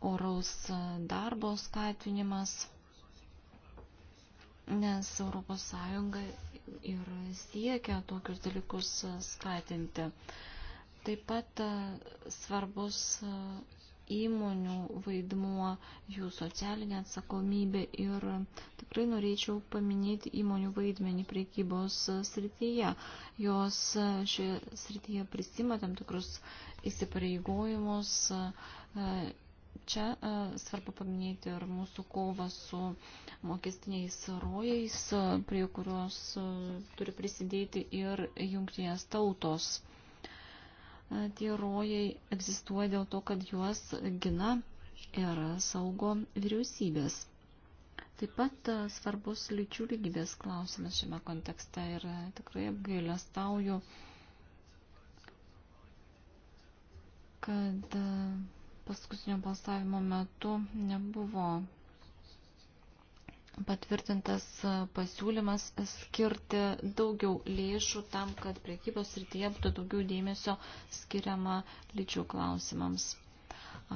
oraus darbo skatinimas, nes ES ir siekia tokius dalykus skatinti. Taip pat e, svarbus e, įmonių vaidmuo, jų socialinė atsakomybė ir tikrai norėčiau paminėti įmonių vaidmenį priekybos e, srityje. Jos šioje srityje prisima tam tikrus įsipareigojimus čia e, svarbu paminėti ir mūsų kovą su mokestiniais rojais, e, prie kurios e, turi prisidėti ir jungtinės tautos. Tie rojai egzistuoja dėl to, kad juos gina ir saugo vyriausybės. Taip pat svarbus lyčių lygybės klausimas šiame kontekste ir tikrai apgailestauju, kad paskutinio balsavimo metu nebuvo patvirtintas pasiūlymas skirti daugiau lėšų tam, kad priekybos rytyje būtų daugiau dėmesio skiriama lyčių klausimams.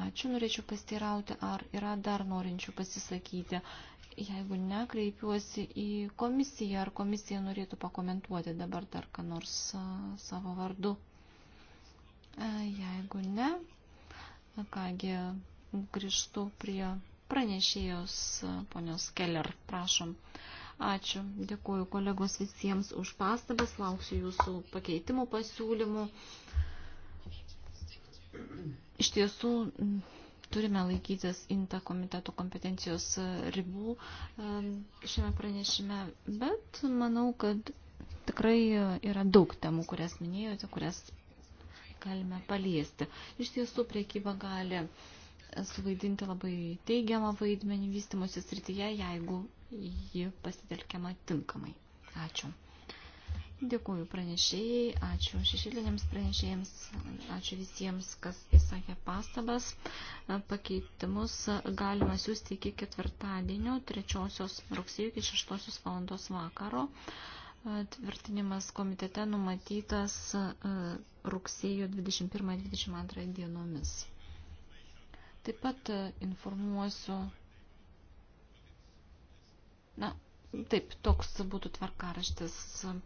Ačiū, norėčiau pasteirauti, ar yra dar norinčių pasisakyti. Jeigu nekreipiuosi į komisiją, ar komisija norėtų pakomentuoti dabar dar ką nors savo vardu. Jeigu ne, Kągi, grįžtu prie pranešėjos ponios Keller. Prašom. Ačiū. Dėkuoju kolegos visiems už pastabas. Lauksiu jūsų pakeitimų pasiūlymų. Iš tiesų, turime laikytis INTA komiteto kompetencijos ribų šiame pranešime, bet manau, kad tikrai yra daug temų, kurias minėjote, kurias galime paliesti. Iš tiesų, priekyba gali suvaidinti labai teigiamą vaidmenį vystimosi srityje, jeigu ji pasitelkiama tinkamai. Ačiū. Dėkuoju pranešėjai, ačiū šešėliniams pranešėjams, ačiū visiems, kas įsakė pastabas. Pakeitimus galima siūsti iki ketvirtadienio, 3 rugsėjo iki 6 valandos vakaro. Tvirtinimas komitete numatytas e, rugsėjo 21-22 dienomis. Taip pat e, informuosiu. Na, taip, toks būtų tvarkaraštis e,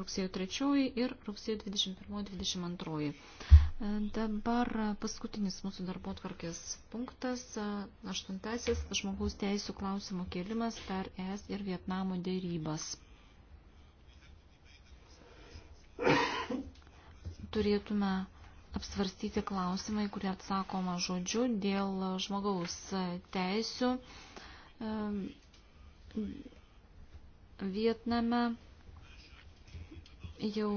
rugsėjo 3 ir rugsėjo 21-22. Dabar paskutinis mūsų darbo tvarkės punktas, aštuntasis žmogaus teisų klausimų kėlimas per ES ir Vietnamo dėrybas turėtume apsvarstyti klausimai, kurie atsakoma žodžiu dėl žmogaus teisių Vietname. Jau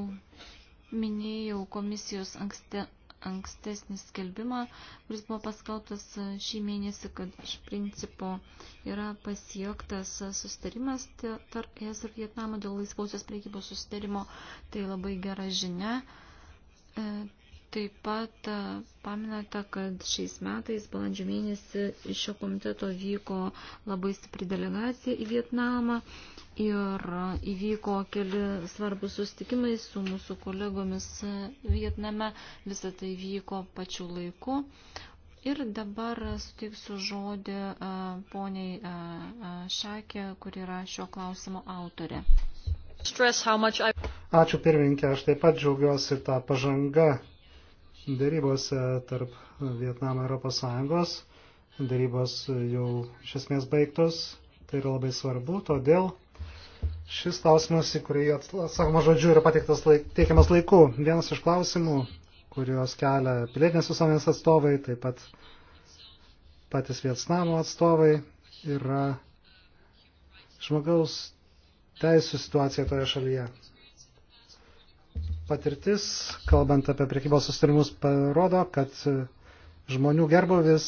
minėjau komisijos ankste, ankstesnį skelbimą, kuris buvo paskelbtas šį mėnesį, kad iš principo yra pasiektas sustarimas tarp ES ir Vietnamo dėl laisvausios priekybos sustarimo. Tai labai gera žinia. E, Taip pat paminate, kad šiais metais, balandžio mėnesį, iš šio komiteto vyko labai stipri delegacija į Vietnamą ir įvyko keli svarbus sustikimai su mūsų kolegomis Vietname. Visą tai vyko pačiu laiku. Ir dabar sutiksiu žodį poniai Šakė, kuri yra šio klausimo autorė. Ačiū pirmininkė, aš taip pat džiaugiuosi tą pažangą darybose tarp Vietnamo ir Europos Sąjungos. Darybos jau iš esmės baigtos. Tai yra labai svarbu, todėl šis klausimas, į kurį atsakoma žodžiu, yra pateiktas laik, teikiamas laiku. Vienas iš klausimų, kuriuos kelia pilietinės visuomenės atstovai, taip pat patys Vietnamo atstovai, yra žmogaus teisų situacija toje šalyje patirtis, kalbant apie priekybos sustarimus, parodo, kad žmonių gerbovis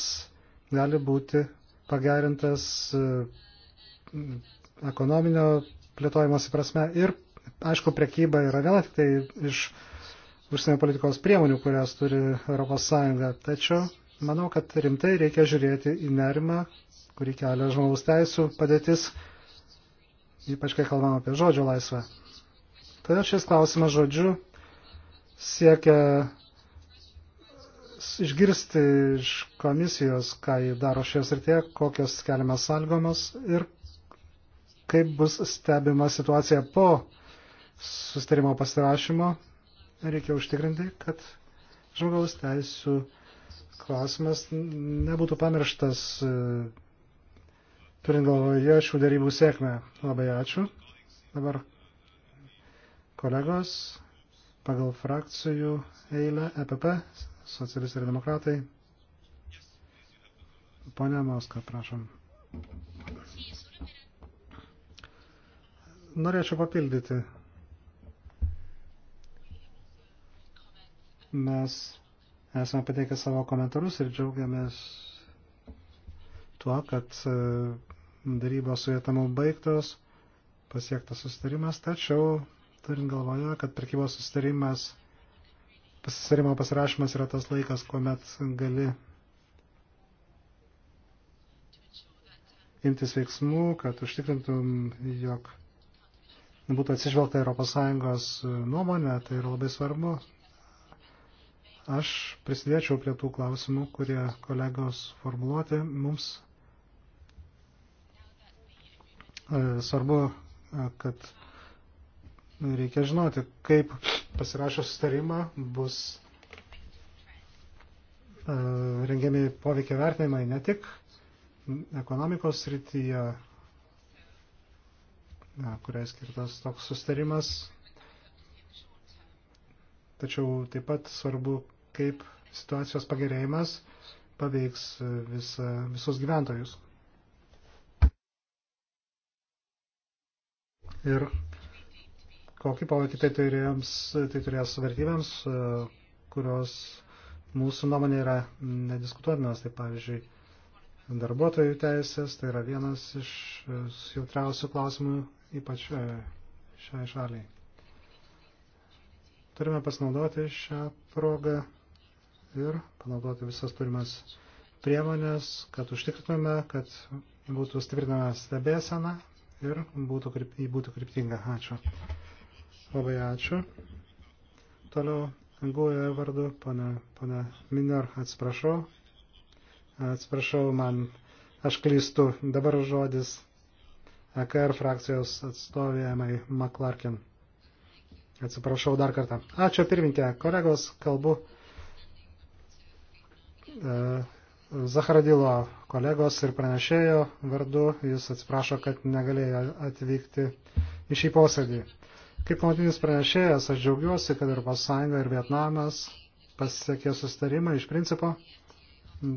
gali būti pagerintas e, ekonominio plėtojimosi prasme. Ir, aišku, priekyba yra viena tik tai iš užsienio politikos priemonių, kurias turi ES. Tačiau manau, kad rimtai reikia žiūrėti į nerimą, kurį kelia žmogaus teisų padėtis, ypač kai kalbam apie žodžio laisvę. Todėl šis klausimas žodžiu siekia išgirsti iš komisijos, ką jį daro šioje srityje, kokios keliamas sąlygomos ir kaip bus stebima situacija po sustarimo pasirašymo. Reikia užtikrinti, kad žmogaus teisų klausimas nebūtų pamirštas, e, turint galvoje šių darybų sėkmę. Labai ačiū. Dabar kolegos pagal frakcijų eilę EPP, socialistai ir demokratai. Pone Moska, prašom. Norėčiau papildyti. Mes esame pateikę savo komentarus ir džiaugiamės tuo, kad e, darybos su vietamu baigtos, pasiektas sustarimas, tačiau turint galvoje, kad prekybos susitarimas, susitarimo pasirašymas yra tas laikas, kuomet gali imtis veiksmų, kad užtikrintum, jog būtų atsižvelgta ES nuomonė, tai yra labai svarbu. Aš prisidėčiau prie tų klausimų, kurie kolegos formuluoti mums. E, svarbu, e, kad reikia žinoti, kaip pasirašo sustarimą bus e, rengiami poveikia vertinimai ne tik ekonomikos srityje, kuriai skirtas toks sustarimas, tačiau taip pat svarbu, kaip situacijos pagerėjimas paveiks visa, visus gyventojus. Ir kokį poveikį tai, turėjams, tai turės vertybėms, kurios mūsų nuomonė yra nediskutuotinas. Tai pavyzdžiui, darbuotojų teisės, tai yra vienas iš jautriausių klausimų, ypač e, šiai šaliai. Turime pasinaudoti šią progą ir panaudoti visas turimas priemonės, kad užtikrintume, kad būtų stiprinama stebėsena ir būtų, būtų kryptinga. Ačiū. Labai ačiū. Toliau Guoja vardu, pana, pana Minor, atsiprašau. Atsiprašau, man aš klystu. Dabar žodis EKR frakcijos atstovėjimai McClarkin. Atsiprašau dar kartą. Ačiū pirminkė. Kolegos, kalbu. E, Zaharadilo kolegos ir pranešėjo vardu, jis atsiprašo, kad negalėjo atvykti į šį posėdį. Kaip nuolatinis pranešėjas, aš džiaugiuosi, kad ES ir Vietnamas pasiekė sustarimą iš principo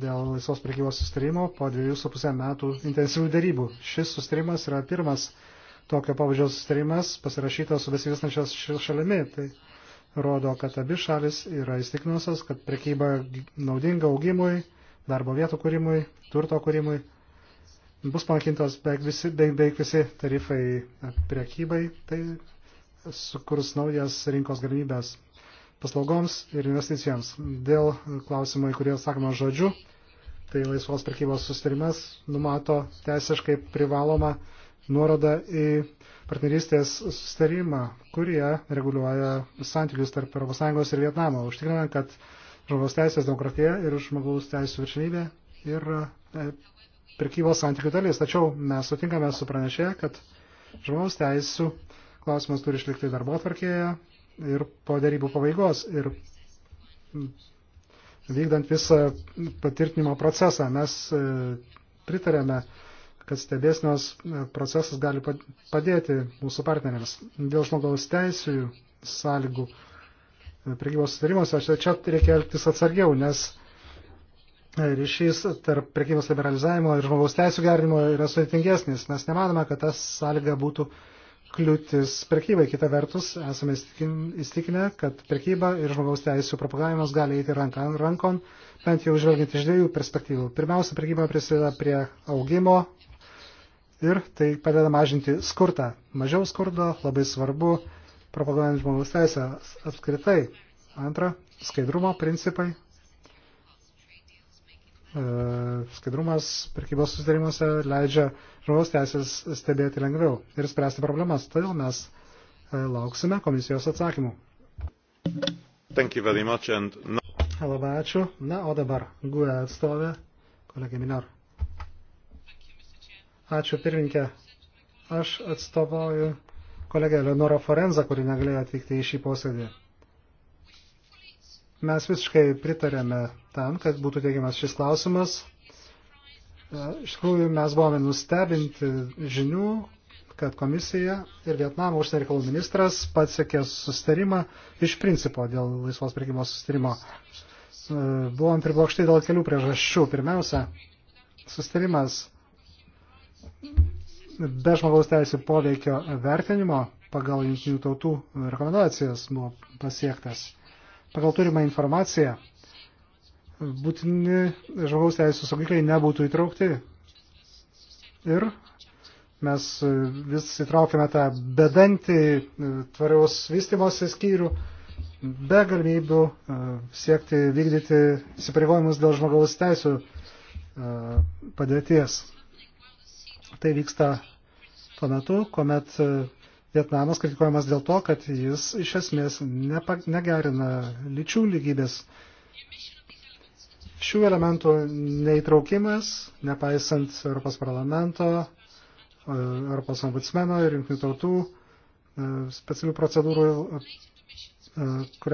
dėl laisvos prekybos sustarimo po dviejų su pusę metų intensyvių darybų. Šis sustarimas yra pirmas tokio pavadžio sustarimas pasirašytas su besivystančios šalimi. Tai rodo, kad abi šalis yra įstikinusios, kad prekyba naudinga augimui, darbo vietų kūrimui, turto kūrimui. Bus panaikintos beveik visi, beveik visi tarifai prekybai. Tai sukurs naujas rinkos galimybės paslaugoms ir investicijoms. Dėl klausimų, į kurie sakoma žodžiu, tai laisvos prekybos sustarimas numato teisiškai privalomą nuorodą į partnerystės sustarimą, kurie reguliuoja santykius tarp ES ir Vietnamo, užtikrinant, kad žmogaus teisės demokratija ir žmogaus teisų viršinybė ir e, prekybos santykių dalis. Tačiau mes sutinkame su pranešėje, kad žmogaus teisų Klausimas turi išlikti darbo atvarkėje ir po darybų pabaigos ir vykdant visą patvirtinimo procesą. Mes e, pritarėme, kad stebėsnios e, procesas gali padėti mūsų partneriams dėl žmogaus teisų sąlygų e, prekybos sutarimuose. Čia reikia elgtis atsargiau, nes ryšys tarp prekybos liberalizavimo ir žmogaus teisų gerinimo yra sudėtingesnis. Mes nemanome, kad tas sąlyga būtų uh, kliūtis prekybai. Kita vertus, esame įstikinę, kad prekyba ir žmogaus teisų propagavimas gali eiti rankon, rankon, bent jau žvelgiant iš dviejų perspektyvų. Pirmiausia, prekyba prisideda prie augimo ir tai padeda mažinti skurtą. Mažiau skurdo labai svarbu propaguojant žmogaus teisę apskritai. Antra, skaidrumo principai E, skaidrumas prekybos susidarimuose leidžia žmogaus teisės stebėti lengviau ir spręsti problemas. Todėl mes e, lauksime komisijos atsakymų. And... Labai ačiū. Na, o dabar GUE atstovė, kolegė Minor. Ačiū pirminkė. Aš atstovauju kolegę Leonorą Forenzą, kuri negalėjo atvykti į šį posėdį. Mes visiškai pritarėme tam, kad būtų teigiamas šis klausimas. E, iš tikrųjų, mes buvome nustebinti žinių, kad komisija ir Vietnamo užsienio reikalų ministras pats sėkė sustarimą iš principo dėl laisvos prekybos sustarimo. E, buvom priblokšti dėl kelių priežasčių. Pirmiausia, sustarimas be žmogaus teisų poveikio vertinimo pagal jungtinių tautų rekomendacijas buvo pasiektas. Pagal turimą informaciją, būtini žmogaus teisų saugikliai nebūtų įtraukti. Ir mes vis įtraukime tą bedantį e, tvariaus vystimosi skyrių be galimybių e, siekti vykdyti įsipareigojimus dėl žmogaus teisų e, padėties. Tai vyksta tuo metu, kuomet Vietnamas kritikuojamas dėl to, kad jis iš esmės nepa, negerina lyčių lygybės. Šių elementų neįtraukimas, nepaisant Europos parlamento, e, Europos ombudsmeno ir jungtinių tautų e, specialių procedūrų e,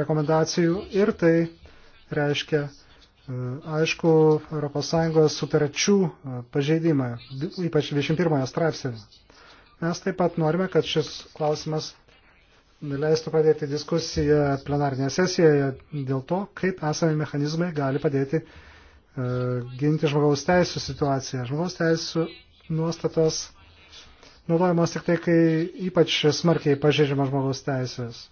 rekomendacijų ir tai reiškia aišku ES sutarčių pažeidimą, ypač 21 straipsnį. Mes taip pat norime, kad šis klausimas leistų pradėti diskusiją plenarinėje sesijoje dėl to, kaip esami mechanizmai gali padėti e, ginti žmogaus teisų situaciją. Žmogaus teisų nuostatos naudojamos tik tai, kai ypač smarkiai pažeidžiama žmogaus teisės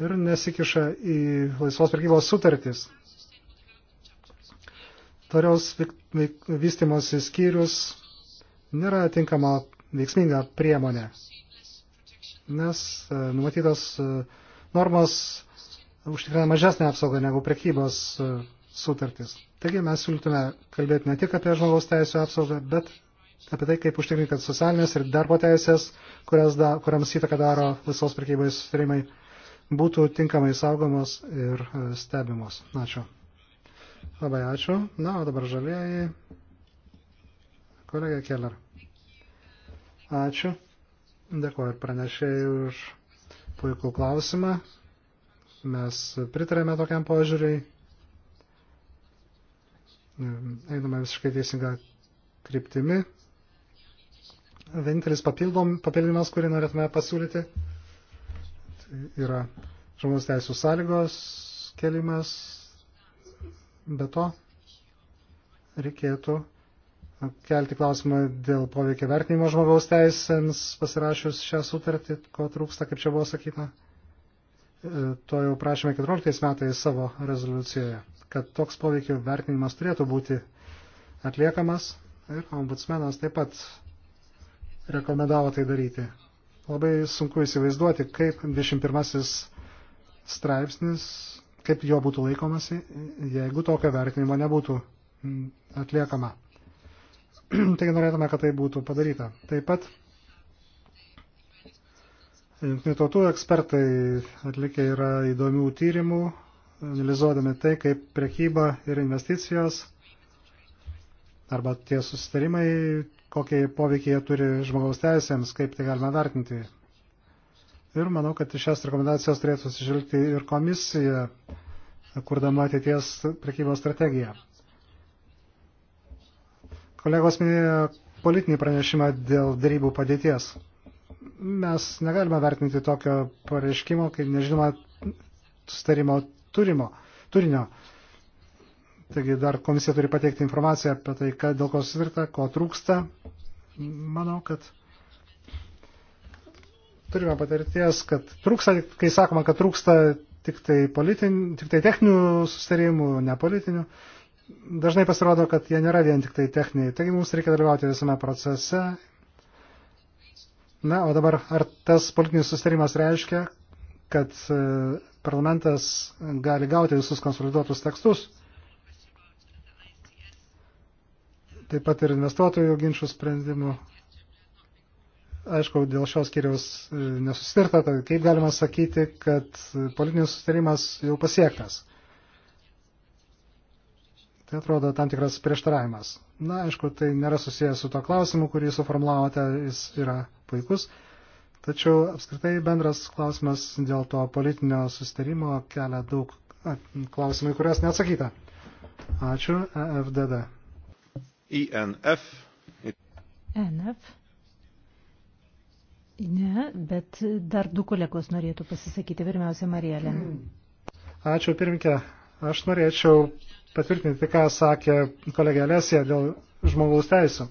ir nesikiša į laisvos prekybos sutartis. Tvarios vystimosi skyrius nėra tinkama veiksminga priemonė, nes e, numatytos e, normos užtikrina mažesnę apsaugą negu prekybos e, sutartis. Taigi mes siūlytume kalbėti ne tik apie žmogaus teisų apsaugą, bet apie tai, kaip užtikrinti, kad socialinės ir darbo teisės, da, kuriams įtaką daro visos prekybos susitarimai, būtų tinkamai saugomos ir stebimos. Ačiū. Labai ačiū. Na, o dabar žalieji. Kolega Keller. Ačiū. Dėkuoju ir pranešėjai už puikų klausimą. Mes pritarėme tokiam požiūriui. Einame visiškai teisinga kryptimi. Vienintelis papildymas, kurį norėtume pasiūlyti, tai yra žmogaus teisų sąlygos kelimas. Be to reikėtų kelti klausimą dėl poveikio vertinimo žmogaus teisėms pasirašius šią sutartį, ko trūksta, kaip čia buvo sakyta. E, to jau prašėme 14 metais savo rezoliucijoje, kad toks poveikio vertinimas turėtų būti atliekamas ir ombudsmenas taip pat rekomendavo tai daryti. Labai sunku įsivaizduoti, kaip 21 straipsnis, kaip jo būtų laikomasi, jeigu tokio vertinimo nebūtų atliekama. Taigi norėtume, kad tai būtų padaryta. Taip pat jungtinių tautų ekspertai atlikė yra įdomių tyrimų, analizuodami tai, kaip prekyba ir investicijos arba tie susitarimai, kokie poveikiai jie turi žmogaus teisėms, kaip tai galima vertinti. Ir manau, kad šias rekomendacijas turėtų susižvelgti ir komisija, kurdama ateities prekybos strategiją. Kolegos minėjo politinį pranešimą dėl darybų padėties. Mes negalime vertinti tokio pareiškimo, kaip nežinoma, sustarimo turimo, turinio. Taigi dar komisija turi pateikti informaciją apie tai, kad dėl ko susirta, ko trūksta. Manau, kad turime patirties, kad trūksta, kai sakoma, kad trūksta tik tai, politin, tik tai techninių sustarimų, ne politinių dažnai pasirodo, kad jie nėra vien tik tai techniniai. Taigi mums reikia dalyvauti visame procese. Na, o dabar ar tas politinis sustarimas reiškia, kad e, parlamentas gali gauti visus konsoliduotus tekstus? Taip pat ir investuotojų ginčių sprendimų. Aišku, dėl šios skyriaus e, nesustirta, tai kaip galima sakyti, kad e, politinis sustarimas jau pasiektas. Tai atrodo tam tikras prieštaravimas. Na, aišku, tai nėra susijęs su to klausimu, kurį suformulavote, jis yra puikus. Tačiau apskritai bendras klausimas dėl to politinio sustarimo kelia daug klausimų, į kurias neatsakyta. Ačiū, EFDD. INF. E NF. Ne, bet dar du kolegos norėtų pasisakyti. Pirmiausia, Marielė. Ačiū, pirminkė. Aš norėčiau patvirtinti, ką sakė kolegė Alesija dėl žmogaus teisų.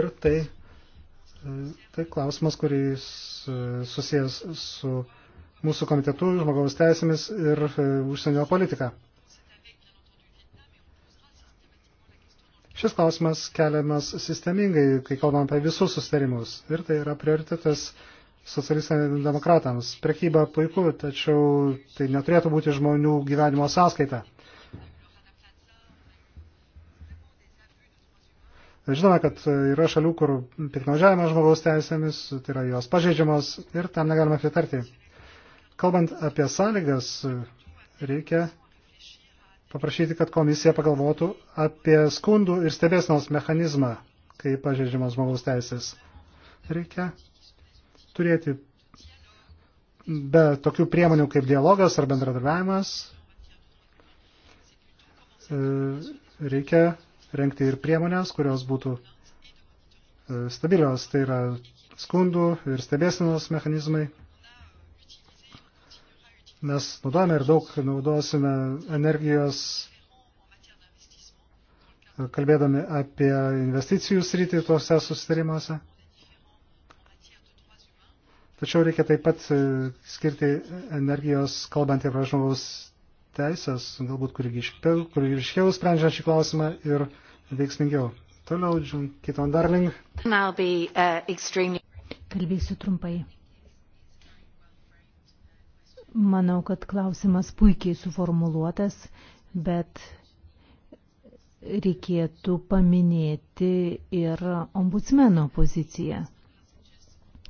Ir tai, tai klausimas, kuris e, susijęs su mūsų komitetu, žmogaus teisėmis ir e, užsienio politika. Šis klausimas keliamas sistemingai, kai kalbam apie visus sustarimus. Ir tai yra prioritetas socialistams demokratams. Prekyba puiku, tačiau tai neturėtų būti žmonių gyvenimo sąskaita. Žinome, kad yra šalių, kur piknaudžiavimas žmogaus teisėmis, tai yra jos pažeidžiamos ir tam negalime pritarti. Kalbant apie sąlygas, reikia paprašyti, kad komisija pagalvotų apie skundų ir stebėsnos mechanizmą, kai pažeidžiamos žmogaus teisės. Reikia turėti be tokių priemonių kaip dialogas ar bendradarbiavimas. E, reikia renkti ir priemonės, kurios būtų e, stabilios, tai yra skundų ir stebėsinos mechanizmai. Mes naudojame ir daug naudosime energijos, e, kalbėdami apie investicijų sritį tuose susitarimuose. Tačiau reikia taip pat e, skirti energijos, kalbant apie žmogaus teisės, galbūt kūrybiškiau sprendžiant šį klausimą ir veiksmingiau. Toliau, Kiton Darling. Be, uh, extremely... Kalbėsiu trumpai. Manau, kad klausimas puikiai suformuluotas, bet reikėtų paminėti ir ombudsmeno poziciją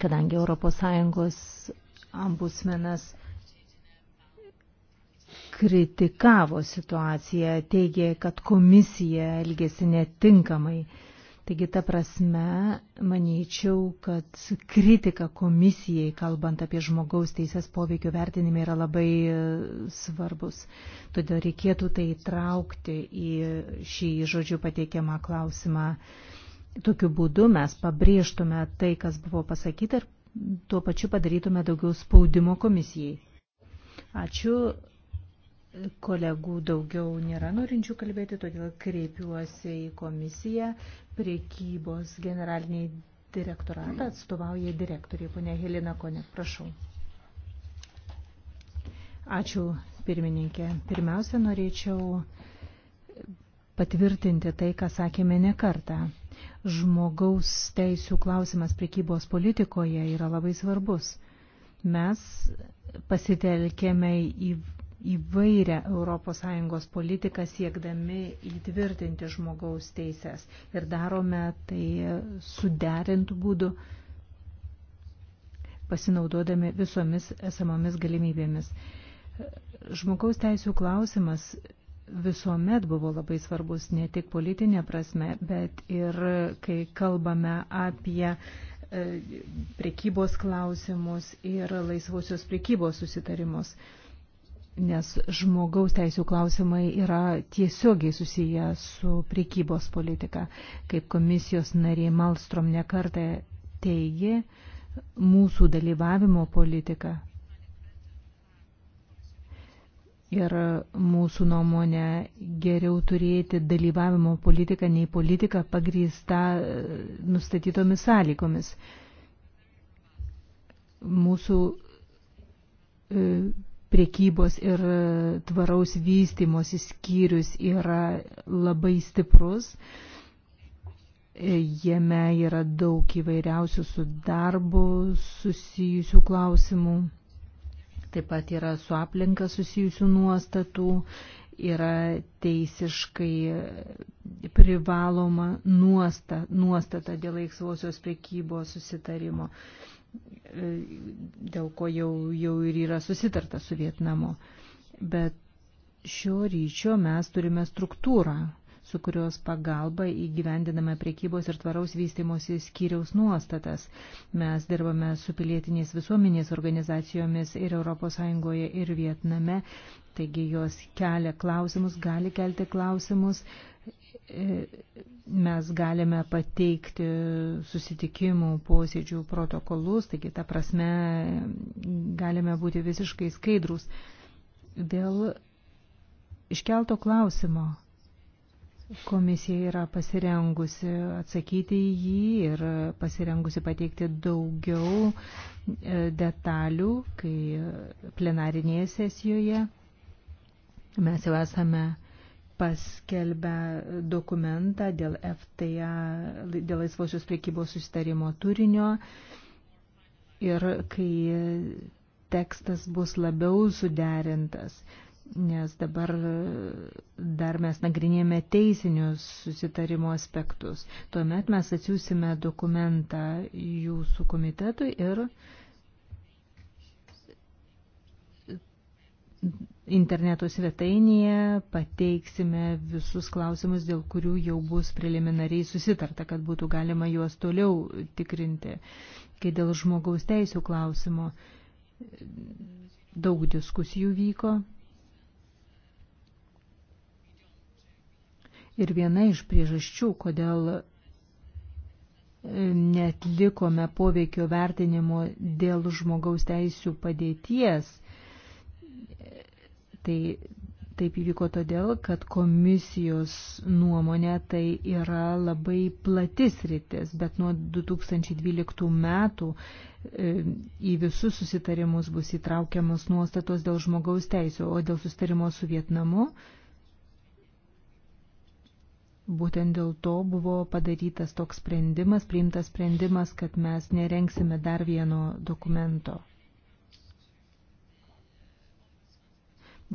kadangi ES ambusmenas kritikavo situaciją, teigė, kad komisija elgėsi netinkamai. Taigi ta prasme, manyčiau, kad kritika komisijai, kalbant apie žmogaus teisės poveikio vertinimą, yra labai svarbus. Todėl reikėtų tai įtraukti į šį žodžių pateikiamą klausimą Tokiu būdu mes pabrėžtume tai, kas buvo pasakyta ir tuo pačiu padarytume daugiau spaudimo komisijai. Ačiū. Kolegų daugiau nėra norinčių kalbėti, todėl kreipiuosi į komisiją. Priekybos generaliniai direktoratą atstovauja direktorė, ponia Helina Kone. Prašau. Ačiū, pirmininkė. Pirmiausia, norėčiau patvirtinti tai, ką sakėme ne kartą žmogaus teisų klausimas prekybos politikoje yra labai svarbus. Mes pasitelkėme į įvairią ES politiką siekdami įtvirtinti žmogaus teises ir darome tai suderintų būdų, pasinaudodami visomis esamomis galimybėmis. Žmogaus teisų klausimas visuomet buvo labai svarbus ne tik politinė prasme, bet ir kai kalbame apie e, prekybos klausimus ir laisvosios prekybos susitarimus, nes žmogaus teisų klausimai yra tiesiogiai susiję su prekybos politika. Kaip komisijos narė Malstrom nekartą teigė, mūsų dalyvavimo politika Ir mūsų nuomonė geriau turėti dalyvavimo politiką nei politiką pagrįsta e, nustatytomis sąlygomis. Mūsų e, priekybos ir e, tvaraus vystimosi skyrius yra labai stiprus. Jame yra daug įvairiausių su darbu susijusių klausimų taip pat yra su aplinka susijusių nuostatų, yra teisiškai privaloma nuosta, nuostata dėl laisvosios priekybos susitarimo, e, dėl ko jau, jau ir yra susitarta su Vietnamu. Bet šio ryčio mes turime struktūrą, su kurios pagalba įgyvendiname priekybos ir tvaraus vystimosi skyriaus nuostatas. Mes dirbame su pilietinės visuomenės organizacijomis ir ES ir Vietname, taigi jos kelia klausimus, gali kelti klausimus. E, mes galime pateikti susitikimų posėdžių protokolus, taigi ta prasme galime būti visiškai skaidrus dėl iškelto klausimo Komisija yra pasirengusi atsakyti į jį ir pasirengusi pateikti daugiau e, detalių, kai plenarinėje sesijoje mes jau esame paskelbę dokumentą dėl FTA, dėl laisvosios priekybos susitarimo turinio ir kai tekstas bus labiau suderintas nes dabar e, dar mes nagrinėjame teisinius susitarimo aspektus. Tuomet mes atsiūsime dokumentą jūsų komitetui ir interneto svetainėje pateiksime visus klausimus, dėl kurių jau bus preliminariai susitarta, kad būtų galima juos toliau tikrinti. Kai dėl žmogaus teisų klausimo daug diskusijų vyko, Ir viena iš priežasčių, kodėl e, netlikome poveikio vertinimo dėl žmogaus teisų padėties, tai taip įvyko todėl, kad komisijos nuomonė tai yra labai platis rytis, bet nuo 2012 metų e, į visus susitarimus bus įtraukiamas nuostatos dėl žmogaus teisų, o dėl susitarimo su Vietnamu Būtent dėl to buvo padarytas toks sprendimas, priimtas sprendimas, kad mes nerenksime dar vieno dokumento.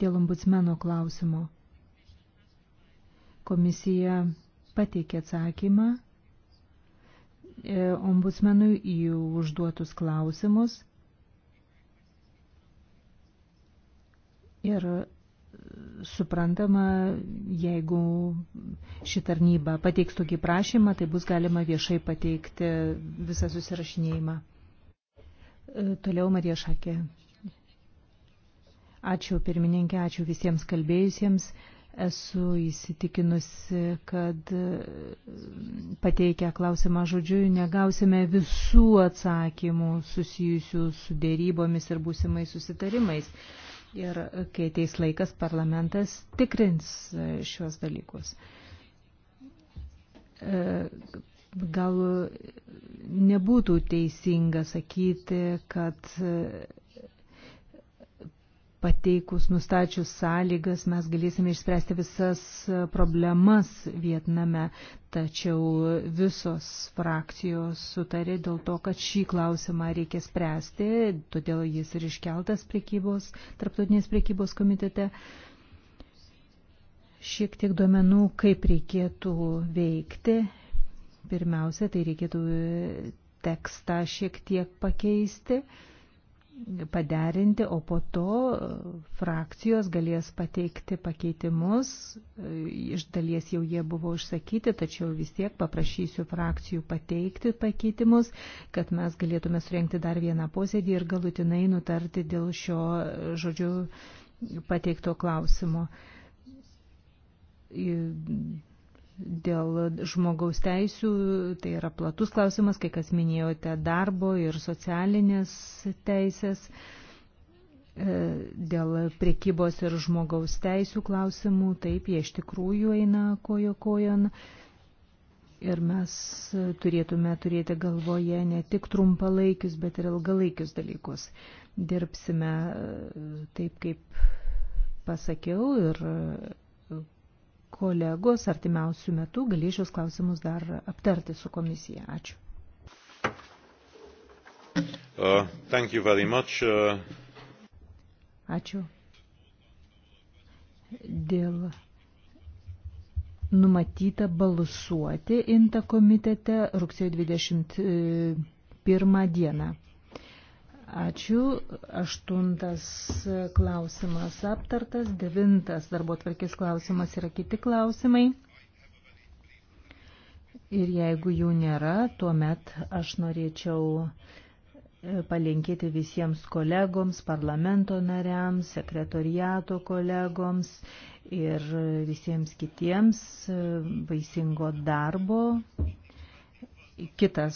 Dėl ombudsmeno klausimo. Komisija pateikė atsakymą e, ombudsmenui į užduotus klausimus ir suprantama, jeigu ši tarnyba pateiks tokį prašymą, tai bus galima viešai pateikti visą susirašinėjimą. E, toliau Marija Šakė. Ačiū pirmininkė, ačiū visiems kalbėjusiems. Esu įsitikinusi, kad e, pateikę klausimą žodžiu negausime visų atsakymų susijusių su dėrybomis ir būsimais susitarimais ir kai ateis laikas, parlamentas tikrins e, šios dalykus. E, gal nebūtų teisinga sakyti, kad pateikus nustačius sąlygas mes galėsime išspręsti visas e, problemas Vietname, tačiau visos frakcijos sutarė dėl to, kad šį klausimą reikia spręsti, todėl jis ir iškeltas priekybos, tarptautinės priekybos komitete. Šiek tiek duomenų, kaip reikėtų veikti. Pirmiausia, tai reikėtų tekstą šiek tiek pakeisti paderinti, o po to e, frakcijos galės pateikti pakeitimus. E, iš dalies jau jie buvo užsakyti, tačiau vis tiek paprašysiu frakcijų pateikti pakeitimus, kad mes galėtume surenkti dar vieną posėdį ir galutinai nutarti dėl šio, e, žodžiu, pateikto klausimo dėl žmogaus teisių, tai yra platus klausimas, kai kas minėjote darbo ir socialinės teisės, e, dėl priekybos ir žmogaus teisių klausimų, taip, jie iš tikrųjų eina kojo kojon. Ir mes turėtume turėti galvoje ne tik trumpalaikius, bet ir ilgalaikius dalykus. Dirbsime e, taip, kaip pasakiau, ir kolegos artimiausių metų galės šios klausimus dar aptarti su komisija. Ačiū. Uh, thank you very much. Uh... Ačiū. Dėl numatyta balsuoti INTA komitete rugsėjo 21 e, dieną. Ačiū. Aštuntas klausimas aptartas, devintas darbo tvarkės klausimas yra kiti klausimai. Ir jeigu jų nėra, tuomet aš norėčiau e, palinkėti visiems kolegoms, parlamento nariams, sekretoriato kolegoms ir visiems kitiems e, vaisingo darbo Kitas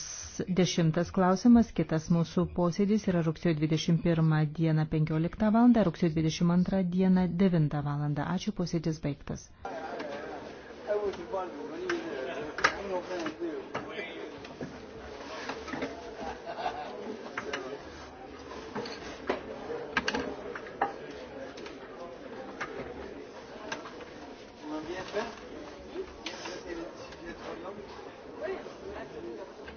dešimtas klausimas, kitas mūsų posėdis yra rugsėjo 21 dieną 15 val. rugsėjo 22 dieną 9 val. Ačiū, posėdis baigtas. I was wondering, when you were there, I don't know if I was there.